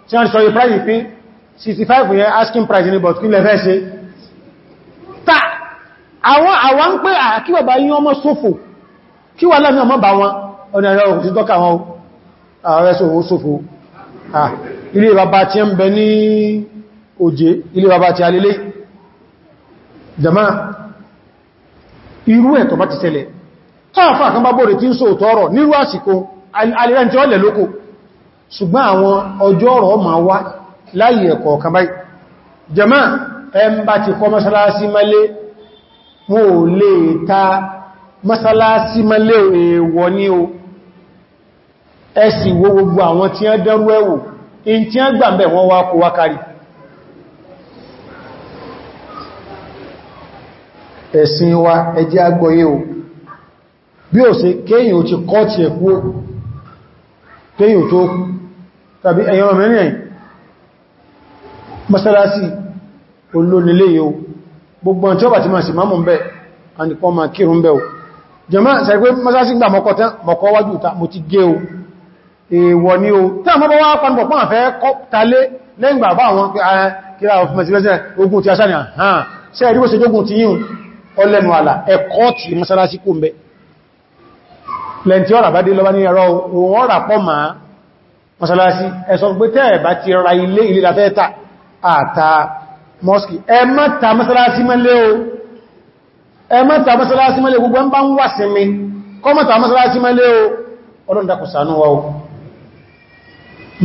tí wọ́n sọ yí price pé 65 yẹn asking price ni but kí lẹ fẹ́ ṣe ta àwọn àwọn ń pé àkíwẹ̀ bá yí ọmọ sófò kí wà láàrin ọmọ bá wọn ọ̀nà ẹ̀rọ òkú sí tọ́ka wọn ààrẹ ha ilé bàbá tí ń bẹ ní òjé ilé bàbá tí alélé jama irú ẹ̀ tọ́ bá ti ṣẹlẹ̀ tọ́ọ̀fà kan bá bóòrè tí ń sóòtọ́ ọ̀rọ̀ nírú àsìkò alìrẹ́ tí ó lẹ̀ lókò ṣùgbọ́n àwọn ọjọ́ ọ̀rọ̀ ma wá láyé ẹ̀kọ̀ kan báyìí jẹ́mà ẹmbà ti kọ mọ́sálásí mẹ́lé ta mọ́sálásí mẹ́lé ní o ẹ̀sì wo gbogbo àwọn tí a wọ́n wá wa o bí ò sí kéyìn ti kọ́ ti ẹ̀kú pé yóò tó tàbí ẹ̀yàn ọmọ mẹ́rin mọ́sálásí olónílé yóò gbogbo ọ̀n tí ó bá ti máa sì máa mọ̀ bẹ́ ànìkan máa kírùn bẹ́ o jẹmọ́ sẹ́gbé mọ́sálásí gbà mọ́kọ́ wájú ta mo ti gé o èèwọ̀ ni o tẹ́ mọ́ bá wá pàdùpọ̀ pọ́n àfẹ́ talé lẹ́yìn bàbá lẹ́ntí ọ̀rà bá dé lọ bá ní ẹ̀rọ ọ̀rà pọ̀ ma mọ́sálásí ẹ̀sọ pé tẹ́ẹ̀ bá ti ra ilé ilé lafẹ́ta àta mọ́sí ẹmọ́ta mọ́sálásí mẹ́lẹ́ o ẹmọ́ta mọ́sálásí mẹ́lẹ́ gbogbo ẹmbá ń wà sí mi kọmọ́ta mọ́sálásí mẹ́lẹ́ o ọlọ́ndakùsánú wa o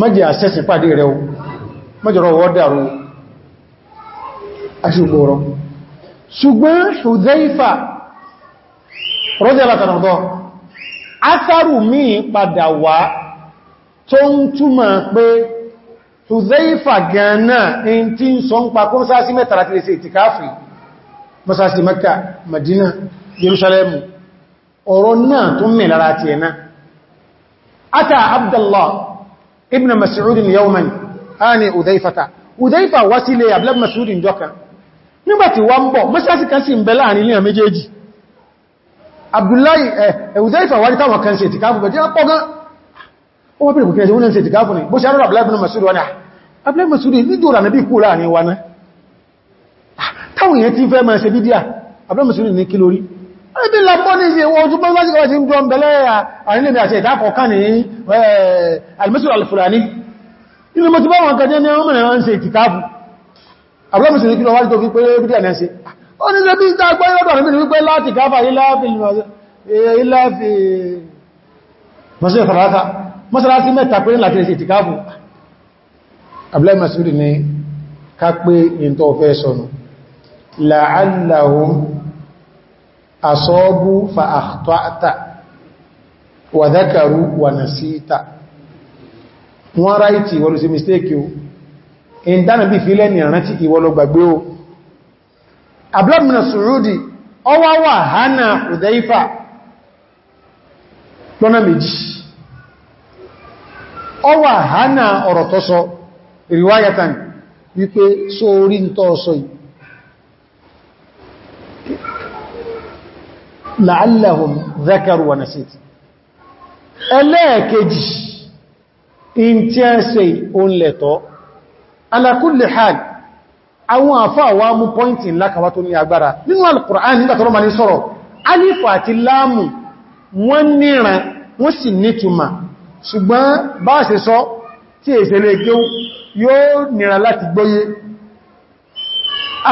mẹ́jẹ̀ àṣẹ́sì asaru míì padà wá tó ń túmọ̀ pé Huzaifa gánà in tí ń sọ ń pa kó sáàsí mẹ́tàrà tí lè ṣe ìtìkáfì mọ́sáàsí Mẹ́kà Madina Jerusalem ọ̀rọ̀ náà tó mẹ́ lára ti ẹ̀nà ata Abdullah ibn Mas'ud yawman ani Huzaifata Huzaifa wá sílé Abdullah Mas'ud jọka nígbàtí wá ń bọ̀ mọ́sáàsí kan sí ń bẹ méjèèjì Abdullahi ẹ̀wùzẹ́ ìfàwárí táwọn kan ṣe ìtìkáfù bẹ̀ tí wọ́n pọ̀ gan ó wọ́n pẹ̀lú kìí wọ́n náà ṣe ìtìkáfù ní bó ṣe arọ́rọ̀ Abdullahi ibn Mas'ud wọ́n ah, Abdullahi Mas'ud ní dòrà nàbí kú láàrin wa náà ah, táwọn èèyàn ti fẹ́ máa ṣe bídíà Abdullahi Mas'ud ní kílórí ẹbí lambọ́ ní ṣe wọ́n tún bọ́lá síkọ́ sí ń jọ bẹ̀lẹ́ àrínlẹ̀bẹ̀ àti ìdákọ̀ kan ní eh, al-Mas'ud al-Fulani inú mọ́ ti bá wọn kàjẹ́ wájú tó fi pé bídíà náà ṣe ah, ó ní lẹ́bí ìta gbọ́ ìrọ̀dọ̀ rẹ̀ mìí wípé láti gáfà iláàfi eh, mọ́sílẹ̀ farata mọ́sálásí mẹ́ta pé láti rẹ̀ ìtìkáàbù Abdullahi Mas'ud ni ká pé ìntọ́ ọ̀fẹ́ sọ̀nù la'allahum asọ́bú fa akhta'ta wa dhakaru wa nasita wọ́n ráìtì wọ́n lù sí mistake o ìdánàbí fílẹ̀ ni abúlọ́mìnà sùúrùdì ọwá wà hánà Hudhaifa lọ́nà méjì ọwà hánà ọ̀rọ̀ tó sọ ìrìwáyàtàn wípé sóorí ń tọ́ sọ yìí la'allahum dhakaru wa nasit ẹlẹ́ẹ̀kejì in tí ẹ́ sẹ́ òun lẹ̀tọ́ ala kulli àwọn àfáà wá mú pọ́ìntì ńlá kan wá tó ní agbára nínú al-Qur'an nígbà tọ́rọ ma ní sọ̀rọ̀ alifu àti láàmù wọ́n níran wọ́n sì nítumà ṣùgbọ́n bá ṣe sọ tí èsẹ̀lẹ̀ kéw yóò níran láti gbọ́yé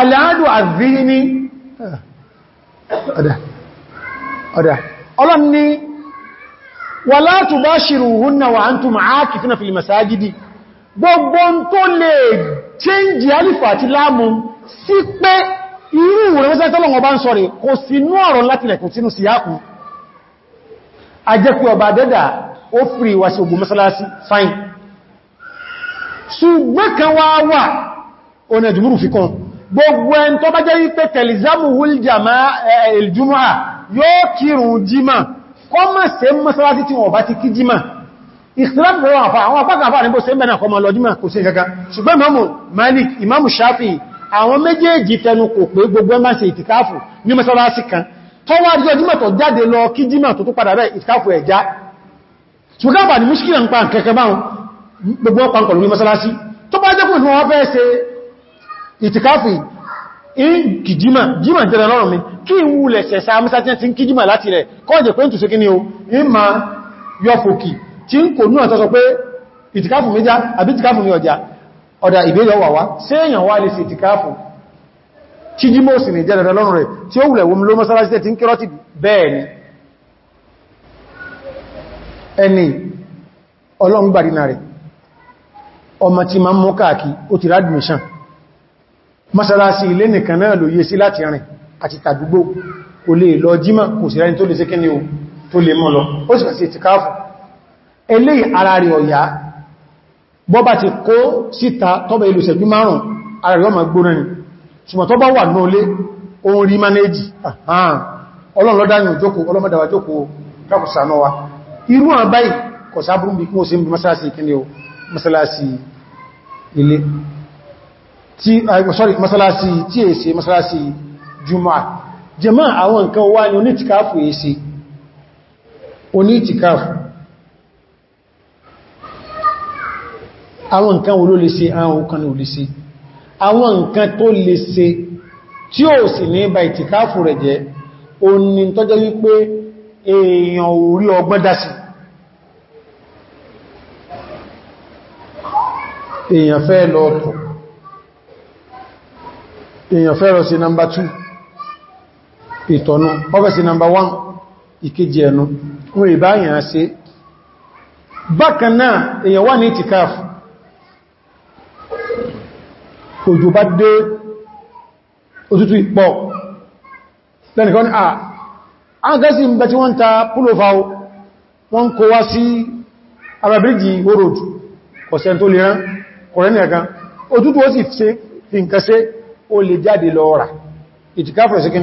aláàdù àzíní ọ̀dá gbogbo tó lè change alifa àti láàmù sí pé irú ìrẹ́sẹ́ tọ́lọ̀wọ̀n bá ń sọ̀rẹ̀ kò sínú ọ̀rọ̀ látilẹ̀kùn sínú síyákù ajẹ́kù ọba dẹ́dà ó fìrì wà sí ogun mọ́sálásí fine ṣùgbọ́n kan wá wà ọ̀nà ìjùmúrù fi kan gbogbo ẹn tó bá jẹ́ wípé tẹ̀lìzámù wúljàmá ẹ̀ẹ̀lìjúmọ́ yóò kírùn jímà kọ́mọ̀ sí mọ́sálásí tí wọ́n bá ti kí jímà ìsìláàmù rọrùn àfà àwọn apákan àfà níbo se ń bẹ̀rẹ̀ ọmọ lọ́dúnmà kò sí ìkẹ́kẹ́ ṣùgbọ́n Imamu Malik Imamu Shafi àwọn méjèèjì tẹnu kò pé gbogbo ẹmà ṣe ìtìkáàfù ní mẹ́sọ́lásì kan tó wá rí ọdúnmọ̀ tó jáde lọ kí jímọ̀ tó tó padà rẹ̀ ìtìkáàfù ẹ̀já ṣùgbọ́n bà ní múṣkílẹ̀ ń pa kẹ́kẹ́ in kì jímọ̀ jímọ̀ jẹ́rẹ̀ lọ́rùn mi kí ń wulẹ̀ ṣẹ̀ṣà amúsátí ti ń kí jímọ̀ o in ma tí ń kò ní ọ̀tọ́sọ pé ìtìkáfù mi já àbí ìtìkáfù mi ọjà ọ̀dà ìbéèrè ọwà wá séèyàn wá lè sí ìtìkáfù tí jí mọ́sí ní jẹ́rẹ̀ lọ́rùn rẹ̀ tí ó wùlẹ̀ wọ́n ló mọ́sálásí tí ń kírọ́ ti bẹ́ẹ̀ ni ẹni ọlọ́ngbàrínà rẹ̀ ọmọ tí ma ń mú káàkì ó ti rádìmìṣàn mọ́sálásí ilé nìkan náà tó lè mọ́ lọ ó sì kà sí ìtìkáfù eléyìí ara rẹ̀ ọ̀yá bọ́bá ti kó síta tọ́bà ìlú ìṣẹ́jú márùn-ún ara rẹ̀ ọmọ gbóná ni ṣùgbọ́n tọ́bà wà náà lé ohun rí manéjì ọlọ́lọ́dáyìn òjókòó ọlọ́mọdàwà jókòó kákùsànọ́wà irú àbáyì kọ̀sáàbùrú bí kí ah, sorry mọ́sálásí tí èsì mọ́sálásí jùmọ́ jẹ́mọ́ àwọn nǹkan wá ní onítìkáfù èsì àwọn nǹkan wo ló lè ṣe àwọn nǹkan ló lè ṣe àwọn nǹkan tó lè ṣe tí ó sì ní bá ìtìkáàfù rẹ̀ jẹ́ o ní tọ́jọ́ wípé èèyàn orí ọgbọ́n dásì èèyàn fẹ́ lọ ọ̀tọ̀ èèyàn fẹ́ lọ sí nàmbà 2 ìtọ̀nù ọfẹ́ sí nàmbà 1 ìkejì ẹnu wọ́n ìbáyàn ṣe bákan náà èèyàn wà ní ìtìkáàfù òjò bá dé òtútù ìpọ̀ lẹ́nìkan ní àà ágẹ́sì ń bẹ tí wọ́n ń ta púlòfà wọ́n kó wá sí arabiriji orod kọ̀sẹ̀ tó lè rán kọ̀rẹ́nì ẹ̀kan òtútù ó sì fi nǹkan sí ó lè jáde lọ rà ìtìkáfù rẹ̀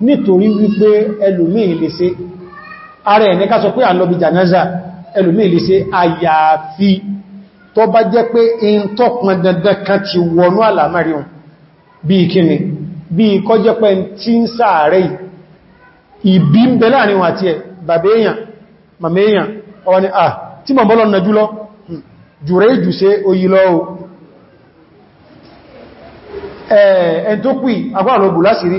nítorí wípé ẹlòmí lè ṣe ààrẹ ẹ̀ní ká sọ pé àlọ́bí jànáza ẹlòmí lè ṣe àyàfi tó bá jẹ́ pé in tó pọn dandan kan ti wọnú àlàmáríun bí kíni bí kọ́ jẹ́ pé tí ń sáàrẹ ìbí ń bẹ láàrin wọn ah tí mọ̀ bọ́lọ̀ nà jùlọ hmm. jùrẹ́ ìjù sí oyi lọ tó pì agbára lọ lásìrí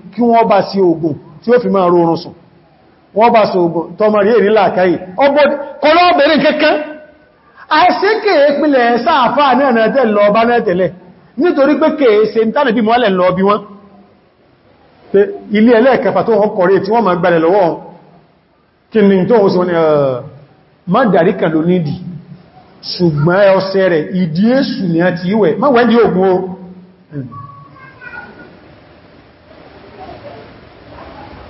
kí wọ́n bá sí ogun tí ó fi máa rọrùn sùn wọ́n bá sí ogun tọmọrí èrí làkáyì kọlọ́bẹ̀rẹ̀ kẹ́kẹ́ àṣíkè ìpìlẹ̀ sáàfà náà tẹ́lọ bá náà tẹ́lẹ̀ nítorí pé kèèsè tánà bí mọ́lẹ̀ lọ bí wọ́n ilé ẹlẹ́ẹ̀kẹfà tó ọkọ̀rẹ́ tí wọ́n máa gbalẹ̀ lọ́wọ́ kí ni tó wọ́n sí wọ́n ni ṣùgbọ́n ọ̀sẹ̀ rẹ̀ ìdí èṣù ni a ti ìwẹ̀ má wẹ́ndì ògùn o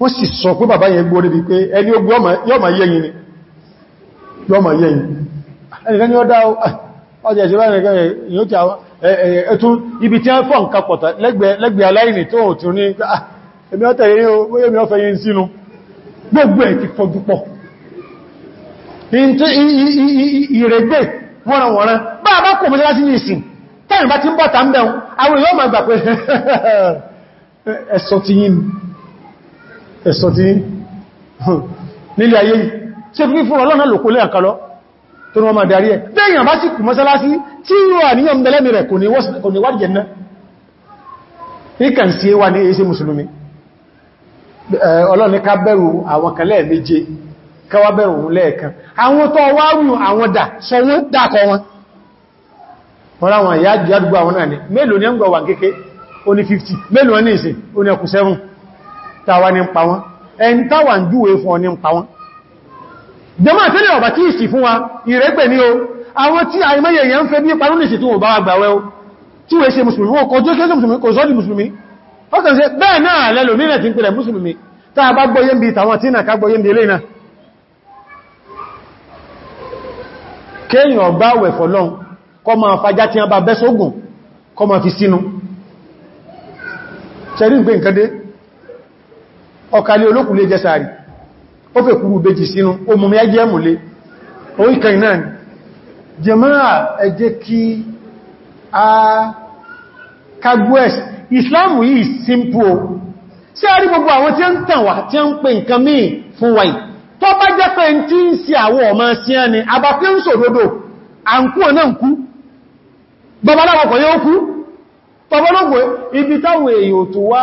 wọ́n sì sọ pé bàbá yẹn gbóre bí pé ẹni ogun yọ́mà yẹ́yìn ni yọ́mà yẹ́yìn ni ó dá ọjọ́ ìṣẹ́lá ìrìnkẹ́ tí àwọn ẹ̀tún ibi tí lẹ́gbẹ̀ẹ́ tó ò tún ní ah, ẹ̀ ẹ̀sọ́ ti nílé ayé ṣe fi fún ọlọ́nà lòkó lé àkàlọ́ tó wọ́n máa darí ẹ̀ tẹ́yìn àbá sí kù mọ́sálásí tí yíò àníyàn mẹ́lẹ́mì rẹ̀ kò ní wádìí jẹ́nà ìkàn sí wà ní èsì mùsùlùmí ọlọ́ni ká bẹ̀rù àwọn kan lẹ́ẹ̀méje káwà bẹ̀rù òun lẹ́ẹ̀kan àwọn tó wá wù àwọn dà sọ wọ́n dákọ wọn ni 50 mélòó ní ìsìn ó ní ẹkù tàwa ní pa wọn ẹni táwà ń júwe fún ọ ní pa wọn jẹmọ́ àtẹ́lẹ̀ ọ̀bà tí ìsì fún wa ìrẹ́gbẹ̀ ní o àwọn tí àìmẹ́yẹ̀ yẹn ń fẹ́ bí parún nìsì tí wọ́n bá wà gbàwẹ́ o tí wọ́n ṣe mùsùlùmí wọn kọjọ́ kẹsẹ̀ mùsùlùmí kò sọ́dì mùsùlùmí ọkàn ṣe bẹ́ẹ̀ náà lẹ́lò nílẹ̀ tí ń pẹ̀lẹ̀ mùsùlùmí tá a bá gbọ́yé bí tàwọn tí nà ká gbọ́yé bí eléyìí náà kéèyàn bá wẹ̀ fọ́lọ́n kọ ma fajá tí a bá bẹ́ sógùn kọ ma fi sínú ṣẹ́rí pè nǹkan dé ọkàlẹ̀ olókùn lè jẹsàárì ó fẹ́ kúrú bèjì sínú omùmí ẹjẹ́ múlé oríkà iná ni jẹmáà ẹjẹ́ kí a kagbẹ́s islamu yìí simple. sí àrí gbogbo àwọn tí ó ń tàn wá tí ó ń pè nǹkan míì fún wa yìí tó bá jẹ́ pé tí ń sí àwọ̀ ọmọ sí ẹni abáfẹ́ ń sòdodo àǹkú ọ̀nà ń kú babaláwọ̀kọ̀ yóò kú tọbọ́lọ́gbọ̀ ibi táwọn èèyàn tó wá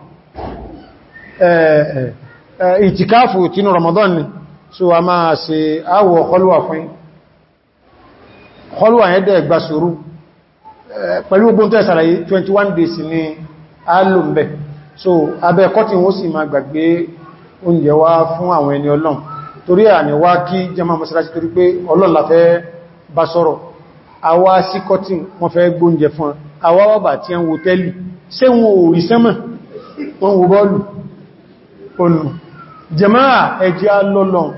ìtìkáfù eh, eh, eh, tínú Ramadan ni so a máa ṣe àwọ̀ ọ̀kọlùwà fún ọlùwà ẹ̀dẹ̀ gba sùúrù pẹ̀lú ogun tẹ́ sàlàyé 21 days ni a lò mẹ́ so abẹ́ kọ́tí wọ́n sì máa gbàgbé oúnjẹ wá fún àwọn ẹni ọlọ́n torí à ní wá kí jẹma mọ́sílásí torí pé ọlọ́n la fẹ́ bá sọ̀rọ̀ àwa sí kọ́tí wọ́n fẹ́ gbóúnjẹ fún àwa wọ́bà tí ẹ ń tẹ́lì ṣé wọn ò rí bọ́ọ̀lù olù jẹmáà ẹjẹ́ lọ́lọ́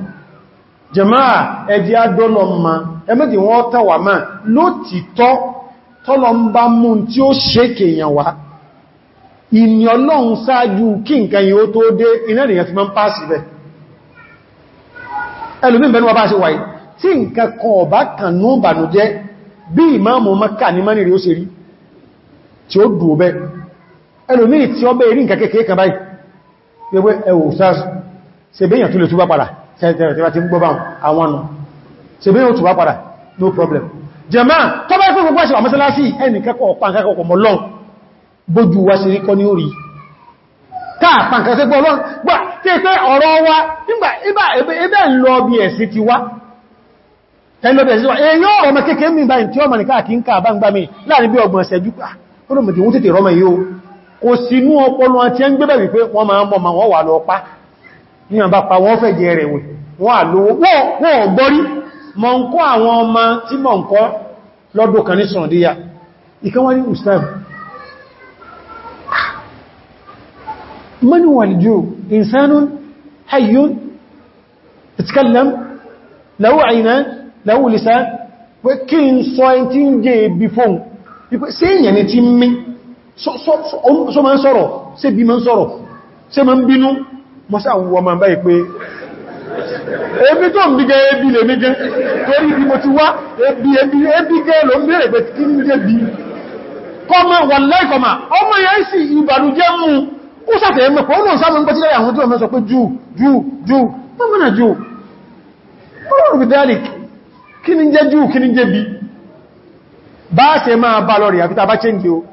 jẹmáà ẹjẹ́ adọ́lọ́ ma ẹmẹ́dì wọ́n tàwà máa lótìtọ́ tọ́lọ ń bá mú tí ó se kèèyàn wá ìní ọlọ́run sáájú kí nǹkan yìí ó tó dé iná ènìyàn ti máa ń pàásì bẹ́ ẹlùmí ìbẹ̀nu wa bá ṣe wáyé tí nǹkan kan ọ̀bá kan ní ìbànújẹ́ bí ìmáàmù maka ní mánìrí ó ṣe rí tí ó dùn bẹ́ ẹlùmí tí bẹ́ ewé ẹwò sars ṣebéyàn tó lè túbá padà tẹ́rẹ̀tẹ́rẹ̀ tí ń gbọ́bá àwọn nù ṣebéyàn túbá padà no problem jẹ́mà tó bá fún gbogbo àṣíwà mọ́sálásí ẹni kẹ́kọ̀ọ́ pàǹkẹ́kọ̀ọ́ mọ́ lọ́n bójú wa sí ríkọ́ ní orí káà pàǹkẹ́sẹ́ gbọ́ lọ́n gbà tí pé ọ̀rọ̀ wa nígbà ibẹ̀ ń lọ bí ẹ̀sí ti wá èyí ọ̀rọ̀ mi láàrin bí ọgbọ̀n ṣẹ́jú pà ah, ó kò sínú ọpọlọ àti ẹ ń gbẹ́bẹ̀ wípé wọ́n máa ń mọ́ ma wọ́n wà lọ pa ní àbá pa wọ́n fẹ́ jẹ rẹ̀ wọ́n àlówó wọ́n ọ̀gbọ́rí mọ̀ ń kọ́ àwọn ọmọ tí mọ̀ ń kọ́ lọ́dọ̀ kan ní sọ̀rọ̀díyà ìkánwárí ustaz ah. man huwa al-ju insanun hayyun ti mín so ma um, ń sọ̀rọ̀ ṣe bí ma ń sọ̀rọ̀ ṣe ma ń bínú mọ́ sí àwọn ọmọ báyìí pé ebi tó ń bí gẹ́ ebi lè mí gẹ́ torí bí mo ti wá ebi ebi ebi gẹ́ ló ń bèèrè pé kí ní jẹ́ bí kọmọ wàláhì kọmọ ọmọ yẹn sì ìbànújẹ́ mú ó sàfẹ́ mọ́ ó náà sáwọn pẹ́ sílẹ̀ àwọn tí wọ́n mẹ́ sọ pé jù jù jù mọ́mọ́nà jù kí ní jẹ́ jù kí ní jẹ́ bí bá ṣe máa bá lọ rí àfítà bá ṣe ń jẹ́ o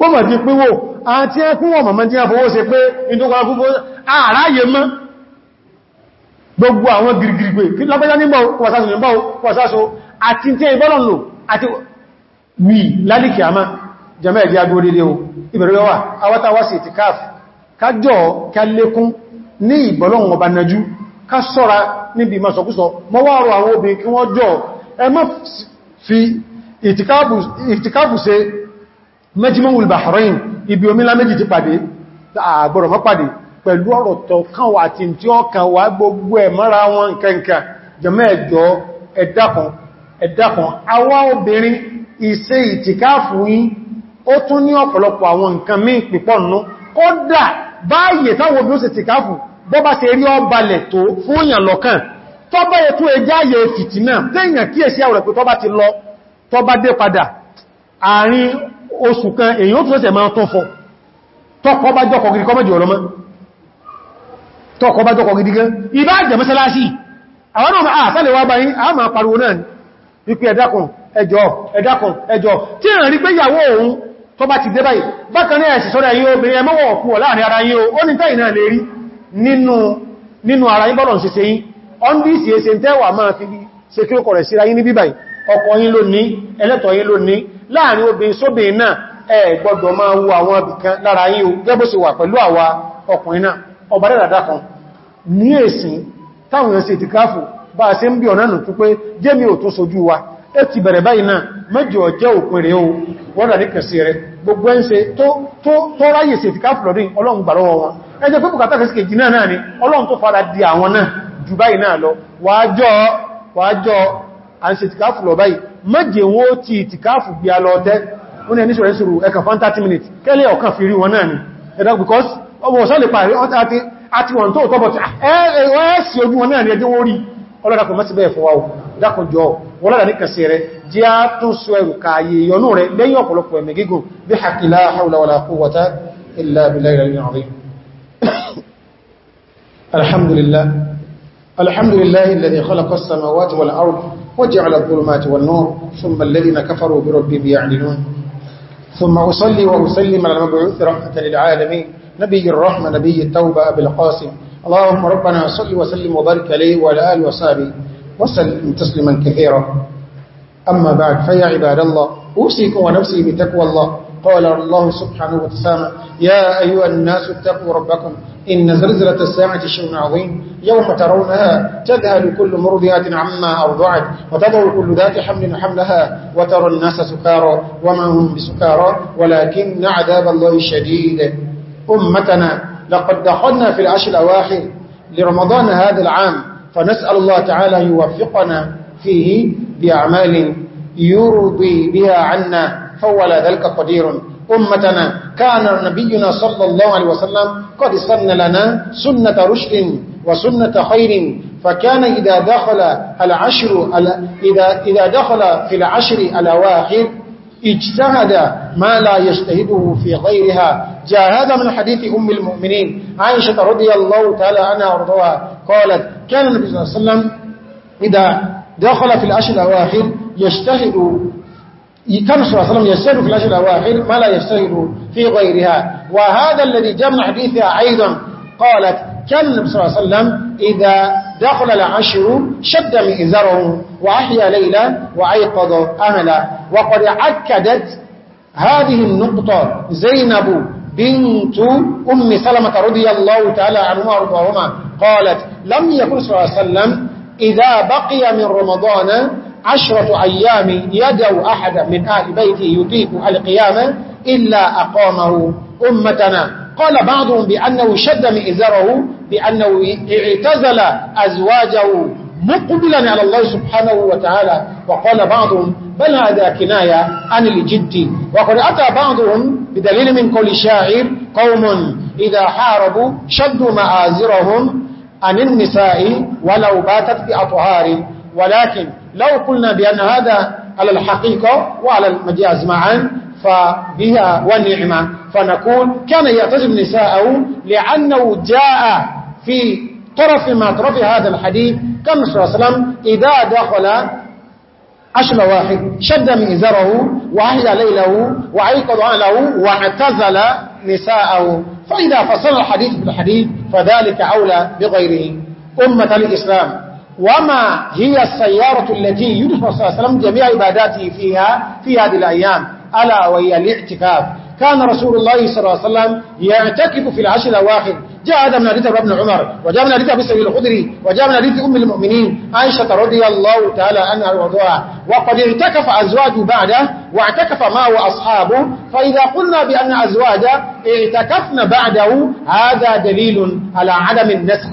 wọ́n mọ̀ ti pínwò àti ẹkún wọ̀n mọ̀mọ̀ tí a fọwọ́ ṣe pé ìdókọ̀lá fún fún àráyè mọ́ gbogbo àwọn gìrìgìrìgbè kí lọ́pẹ́lá nígbà wàsáso nígbà wàsáso àti tí ìbọ́lọ̀n lò àti wì lálìkì àmá jẹmẹ́ ẹ̀dí agbó dédé o ìbẹ̀rẹ̀ wà awátawásì ti káf kájọ kálékún ní ìbọ̀lọ̀n ọba najú ká sọ́ra níbi masọkúsọ mọ́wàrọ̀ àwọn obìnrin kí wọ́n jọ ẹ má fi ìtìkáàbù ṣe mẹ́jìmọ́wùl bahrain ibi omílá méjì ti pàdé àgbọ̀rọ̀ mọ́ pàdé pẹ̀lú ọ̀rọ̀ tọ̀ kan wà àti tí ó kan wà gbogbo ẹ̀ mọ́ra wọn kẹǹkà jẹmọ́ ẹjọ́ ẹ̀dàkan ẹ̀dàkan awá obìnrin iṣẹ́ ìtìkáàfù yín ó tún ní ọ̀pọ̀lọpọ̀ àwọn nǹkan mí pípọ̀ nú kódà báyìí táwọn obìnrin sì tìkáàfù bọ́ bá ṣe rí ọbalẹ̀ tó fún èèyàn lọ́kàn tọ́bá oṣù kan èyí ó tún ẹsẹ̀ máa tó fọ́ tọ́kọ bá jọ́kọ̀ gidi kọmọ́dì ọ̀rọ̀ mọ́ tọ́kọ bá jọ́kọ̀ gidi gan ibá jẹ́ mọ́sálásí àwọn ọmọ àṣálẹ̀ wá báyí a máa pariwo náà wípé ẹ̀dàkùn ẹjọ́ ẹ̀dàkùn ẹjọ́ tí ìrìn rí pé ìyàwó òun tó bá ti dé báyìí bákan náà ẹ̀sì sọ́rọ̀ yíó obìnrin ẹmọ́wọ̀ ọ̀kú ọ̀ láàrin ara yíó ó ní tẹ́yìn náà lè rí nínú ara yí ní láàrin obìnrin sóbìnrin náà ẹ gbọ́dọ̀ máa wo àwọn abìkan lára o gẹ́bọ́ sí wà pẹ̀lú àwa ọkùnrin náà ọba kan ní èsìn táwọn ẹ̀sẹ̀ ìtìkáfù bá a ṣe ń bí ọ̀nà nù tó pé ò wa ẹ ti bẹ̀rẹ̀ báyìí náà o wọ́n rẹ̀ gbogbo nse to ṣe tó ráyè sí ìtìkáfù lọ́dún a ń ṣe ìtìkáfù lọ báyìí mẹ́jẹ̀ wó ti ìtìkáfù bí alọ́ọ̀tẹ́ ó ní ẹníṣọ́ ẹ̀ṣùrù ẹka fún 30 minutes kẹ́lẹ̀ ọ̀kan fi rí wọn náà ni ẹ̀dá because ọmọ ọ̀sán lè parí àti wọn tó tọ́bọ̀ ah, ẹ̀ẹ́sì ojú wọn náà ni ẹjẹ́ wórí ọlọ́dàkùn mẹ́sì bẹ́ẹ̀ fọwọ́ dákùnjọ wọ́n lára ní kẹsẹ̀ rẹ̀ jẹ́ á tún sọ ẹrù kààyè ìyọnú rẹ̀ lẹ́yìn ọ̀pọ̀lọpọ̀ ẹ̀mẹ̀ gígùn bí haqila haula wala quwwata illa billahi وجعل الظلمات والنور ثم الذين كفروا بربهم يعلنون ثم أصلي وأسلم على المبعوث رحمة للعالمين نبي الرحمة نبي التوبة أبي القاسم اللهم ربنا صل وسلم وبارك عليه وعلى آله وصحبه وسلم تسلما كثيرا أما بعد فيا عباد الله أوصيكم ونفسي بتقوى الله قال الله سبحانه وتعالى يا أيها الناس اتقوا ربكم إن زلزلة الساعة شيء عظيم يوم ترونها تذهل كل مرضيات عما أرضعت وتضع كل ذات حمل حملها وترى الناس سكارى وما هم بسكارى ولكن عذاب الله شديد أمتنا لقد دخلنا في العشر الأواخر لرمضان هذا العام فنسأل الله تعالى يوفقنا فيه بأعمال يرضي بها عنا فولا ذلك قدير أمتنا كان نبينا صلى الله عليه وسلم قد سن لنا سنة رشد وسنة خير فكان إذا دخل العشر إذا, إذا دخل في العشر الأواخر اجتهد ما لا يجتهده في غيرها جاء هذا من حديث أم المؤمنين عائشة رضي الله تعالى عنها وارضاها قالت كان النبي صلى الله عليه وسلم إذا دخل في العشر الأواخر يجتهد كان صلى الله عليه وسلم في الأشهر الأواخر ما لا يستهد في غيرها وهذا الذي جمع حديثها أيضا قالت كان النبي صلى الله عليه وسلم إذا دخل العشر شد مئزره وأحيا ليلة وأيقظ أهلا وقد أكدت هذه النقطة زينب بنت أم سلمة رضي الله تعالى عنهما وارضاهما قالت لم يكن صلى الله عليه وسلم إذا بقي من رمضان عشرة أيام يدعو أحدا من آل بيته يطيق القيامة إلا أقامه أمتنا قال بعضهم بأنه شد مئزره بأنه اعتزل أزواجه مقبلا على الله سبحانه وتعالى وقال بعضهم بل هذا كناية عن الجد وقد أتى بعضهم بدليل من كل شاعر قوم إذا حاربوا شدوا مآزرهم عن النساء ولو باتت بأطهار ولكن لو قلنا بأن هذا على الحقيقة وعلى المجاز معا فبها والنعمة فنقول كان يعتزم نساءه لأنه جاء في طرف ما طرف هذا الحديث كان صلى الله عليه وسلم إذا دخل عشر واحد شد من إزاره وأهل ليله وأيقظ أهله واعتزل نساءه فإذا فصل الحديث بالحديث فذلك أولى بغيره أمة الإسلام وما هي السيارة التي يدرس صلى الله عليه وسلم جميع عباداته فيها في هذه الأيام ألا وهي الاعتكاف كان رسول الله صلى الله عليه وسلم يعتكف في العشر الأواخر جاء هذا من حديث ابن عمر وجاء من حديث ابي سعيد الخدري وجاء من حديث ام المؤمنين عائشه رضي الله تعالى عنها وارضاها وقد اعتكف ازواجه بعده واعتكف ما واصحابه فاذا قلنا بان ازواجه اعتكفن بعده هذا دليل على عدم النسخ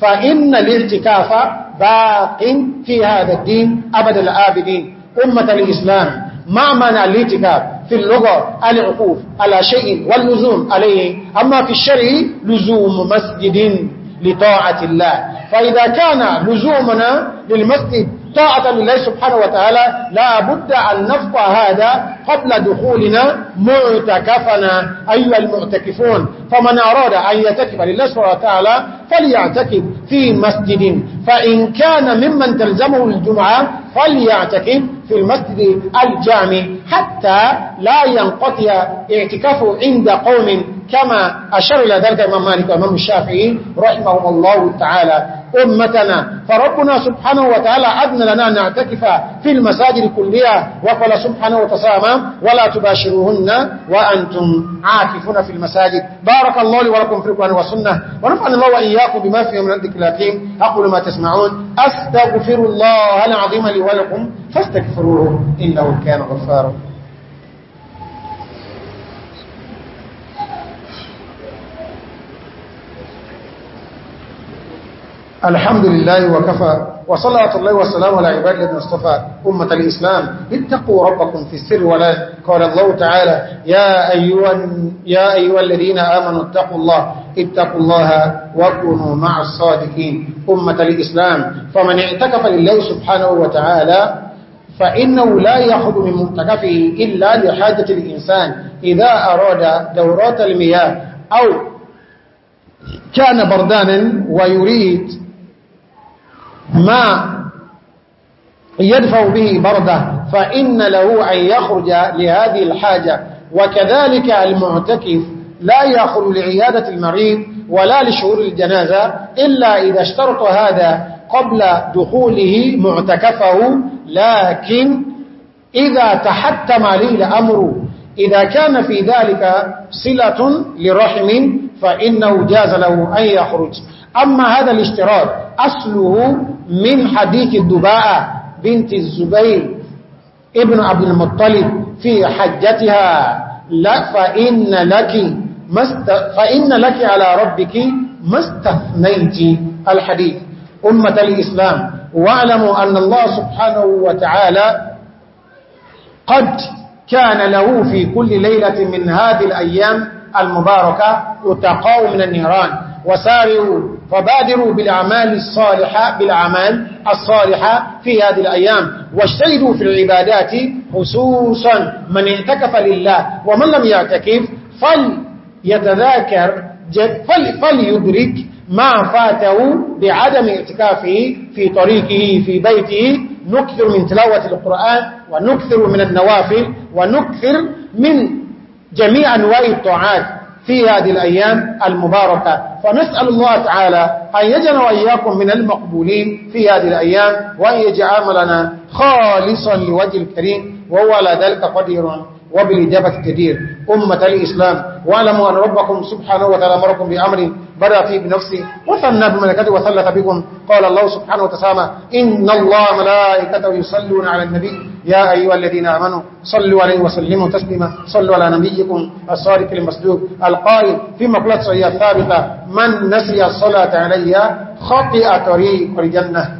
فان الاعتكاف باق في هذا الدين أبد الآبدين أمة الإسلام ما معنى الاتكاب في اللغة العقوف على شيء واللزوم عليه أما في الشرع لزوم مسجد لطاعة الله فإذا كان لزومنا للمسجد طاعة لله سبحانه وتعالى لا بد أن نفقى هذا قبل دخولنا معتكفنا أيها المعتكفون فمن أراد أن يتكب لله سبحانه وتعالى فليعتكب في مسجد فإن كان ممن تلزمه الجمعة فليعتكب في المسجد الجامع حتى لا ينقطع اعتكافه عند قوم كما أشر إلى ذلك إمام مالك وإمام الشافعي رحمه الله تعالى أمتنا فربنا سبحانه وتعالى أذن لنا أن نعتكف في المساجد كلها وقال سبحانه وتسامى ولا تباشروهن وأنتم عاكفون في المساجد بارك الله لي ولكم في القرآن والسنة ونفعني الله وإياكم بما فيه من الذكر الحكيم أقول ما تسمعون أستغفر الله العظيم لي ولكم فاستغفروه إنه كان غفارا الحمد لله وكفى وصلاة الله والسلام على عباد الذين اصطفى أمة الإسلام اتقوا ربكم في السر ولا قال الله تعالى يا أيها, يا أيها الذين آمنوا اتقوا الله اتقوا الله وكونوا مع الصادقين أمة الإسلام فمن اعتكف لله سبحانه وتعالى فإنه لا يأخذ من معتكفه إلا لحاجة الإنسان إذا أراد دورات المياه أو كان بردانا ويريد ما يدفع به برده فإن له أن يخرج لهذه الحاجة وكذلك المعتكف لا يأخذ لعيادة المريض ولا لشهور الجنازة إلا إذا اشترط هذا قبل دخوله معتكفه لكن إذا تحتم عليه الأمر إذا كان في ذلك صلة لرحم فإنه جاز له أن يخرج أما هذا الاشتراط أصله من حديث الدباء بنت الزبير ابن عبد المطلب في حجتها لا فإن لك مست فإن لك على ربك ما استثنيت الحديث أمة الإسلام واعلموا أن الله سبحانه وتعالى قد كان له في كل ليلة من هذه الأيام المباركة اتقوا من النيران وساروا فبادروا بالأعمال الصالحة بالأعمال الصالحة في هذه الأيام واجتهدوا في العبادات خصوصا من اعتكف لله ومن لم يعتكف فليتذاكر فل فليدرك ما فاته بعدم اعتكافه في طريقه في بيته نكثر من تلاوة القرآن ونكثر من النوافل ونكثر من جميع أنواع الطاعات في هذه الأيام المباركة فنسأل الله تعالى أن يجعل وإياكم من المقبولين في هذه الأيام وأن يجعل عملنا خالصا لوجه الكريم وهو على ذلك قدير وبالإجابة التدير أمة الإسلام واعلموا أن ربكم سبحانه وتعالى أمركم بأمر بدأ فيه بنفسه وثنى بملكته وثلث بكم قال الله سبحانه وتعالى إن الله ملائكته يصلون على النبي يا أيها الذين آمنوا صلوا عليه وسلموا تسليما صلوا على نبيكم الصادق المصدوق القائل في مقلة صحية ثابتة من نسي الصلاة علي خطئ طريق الجنة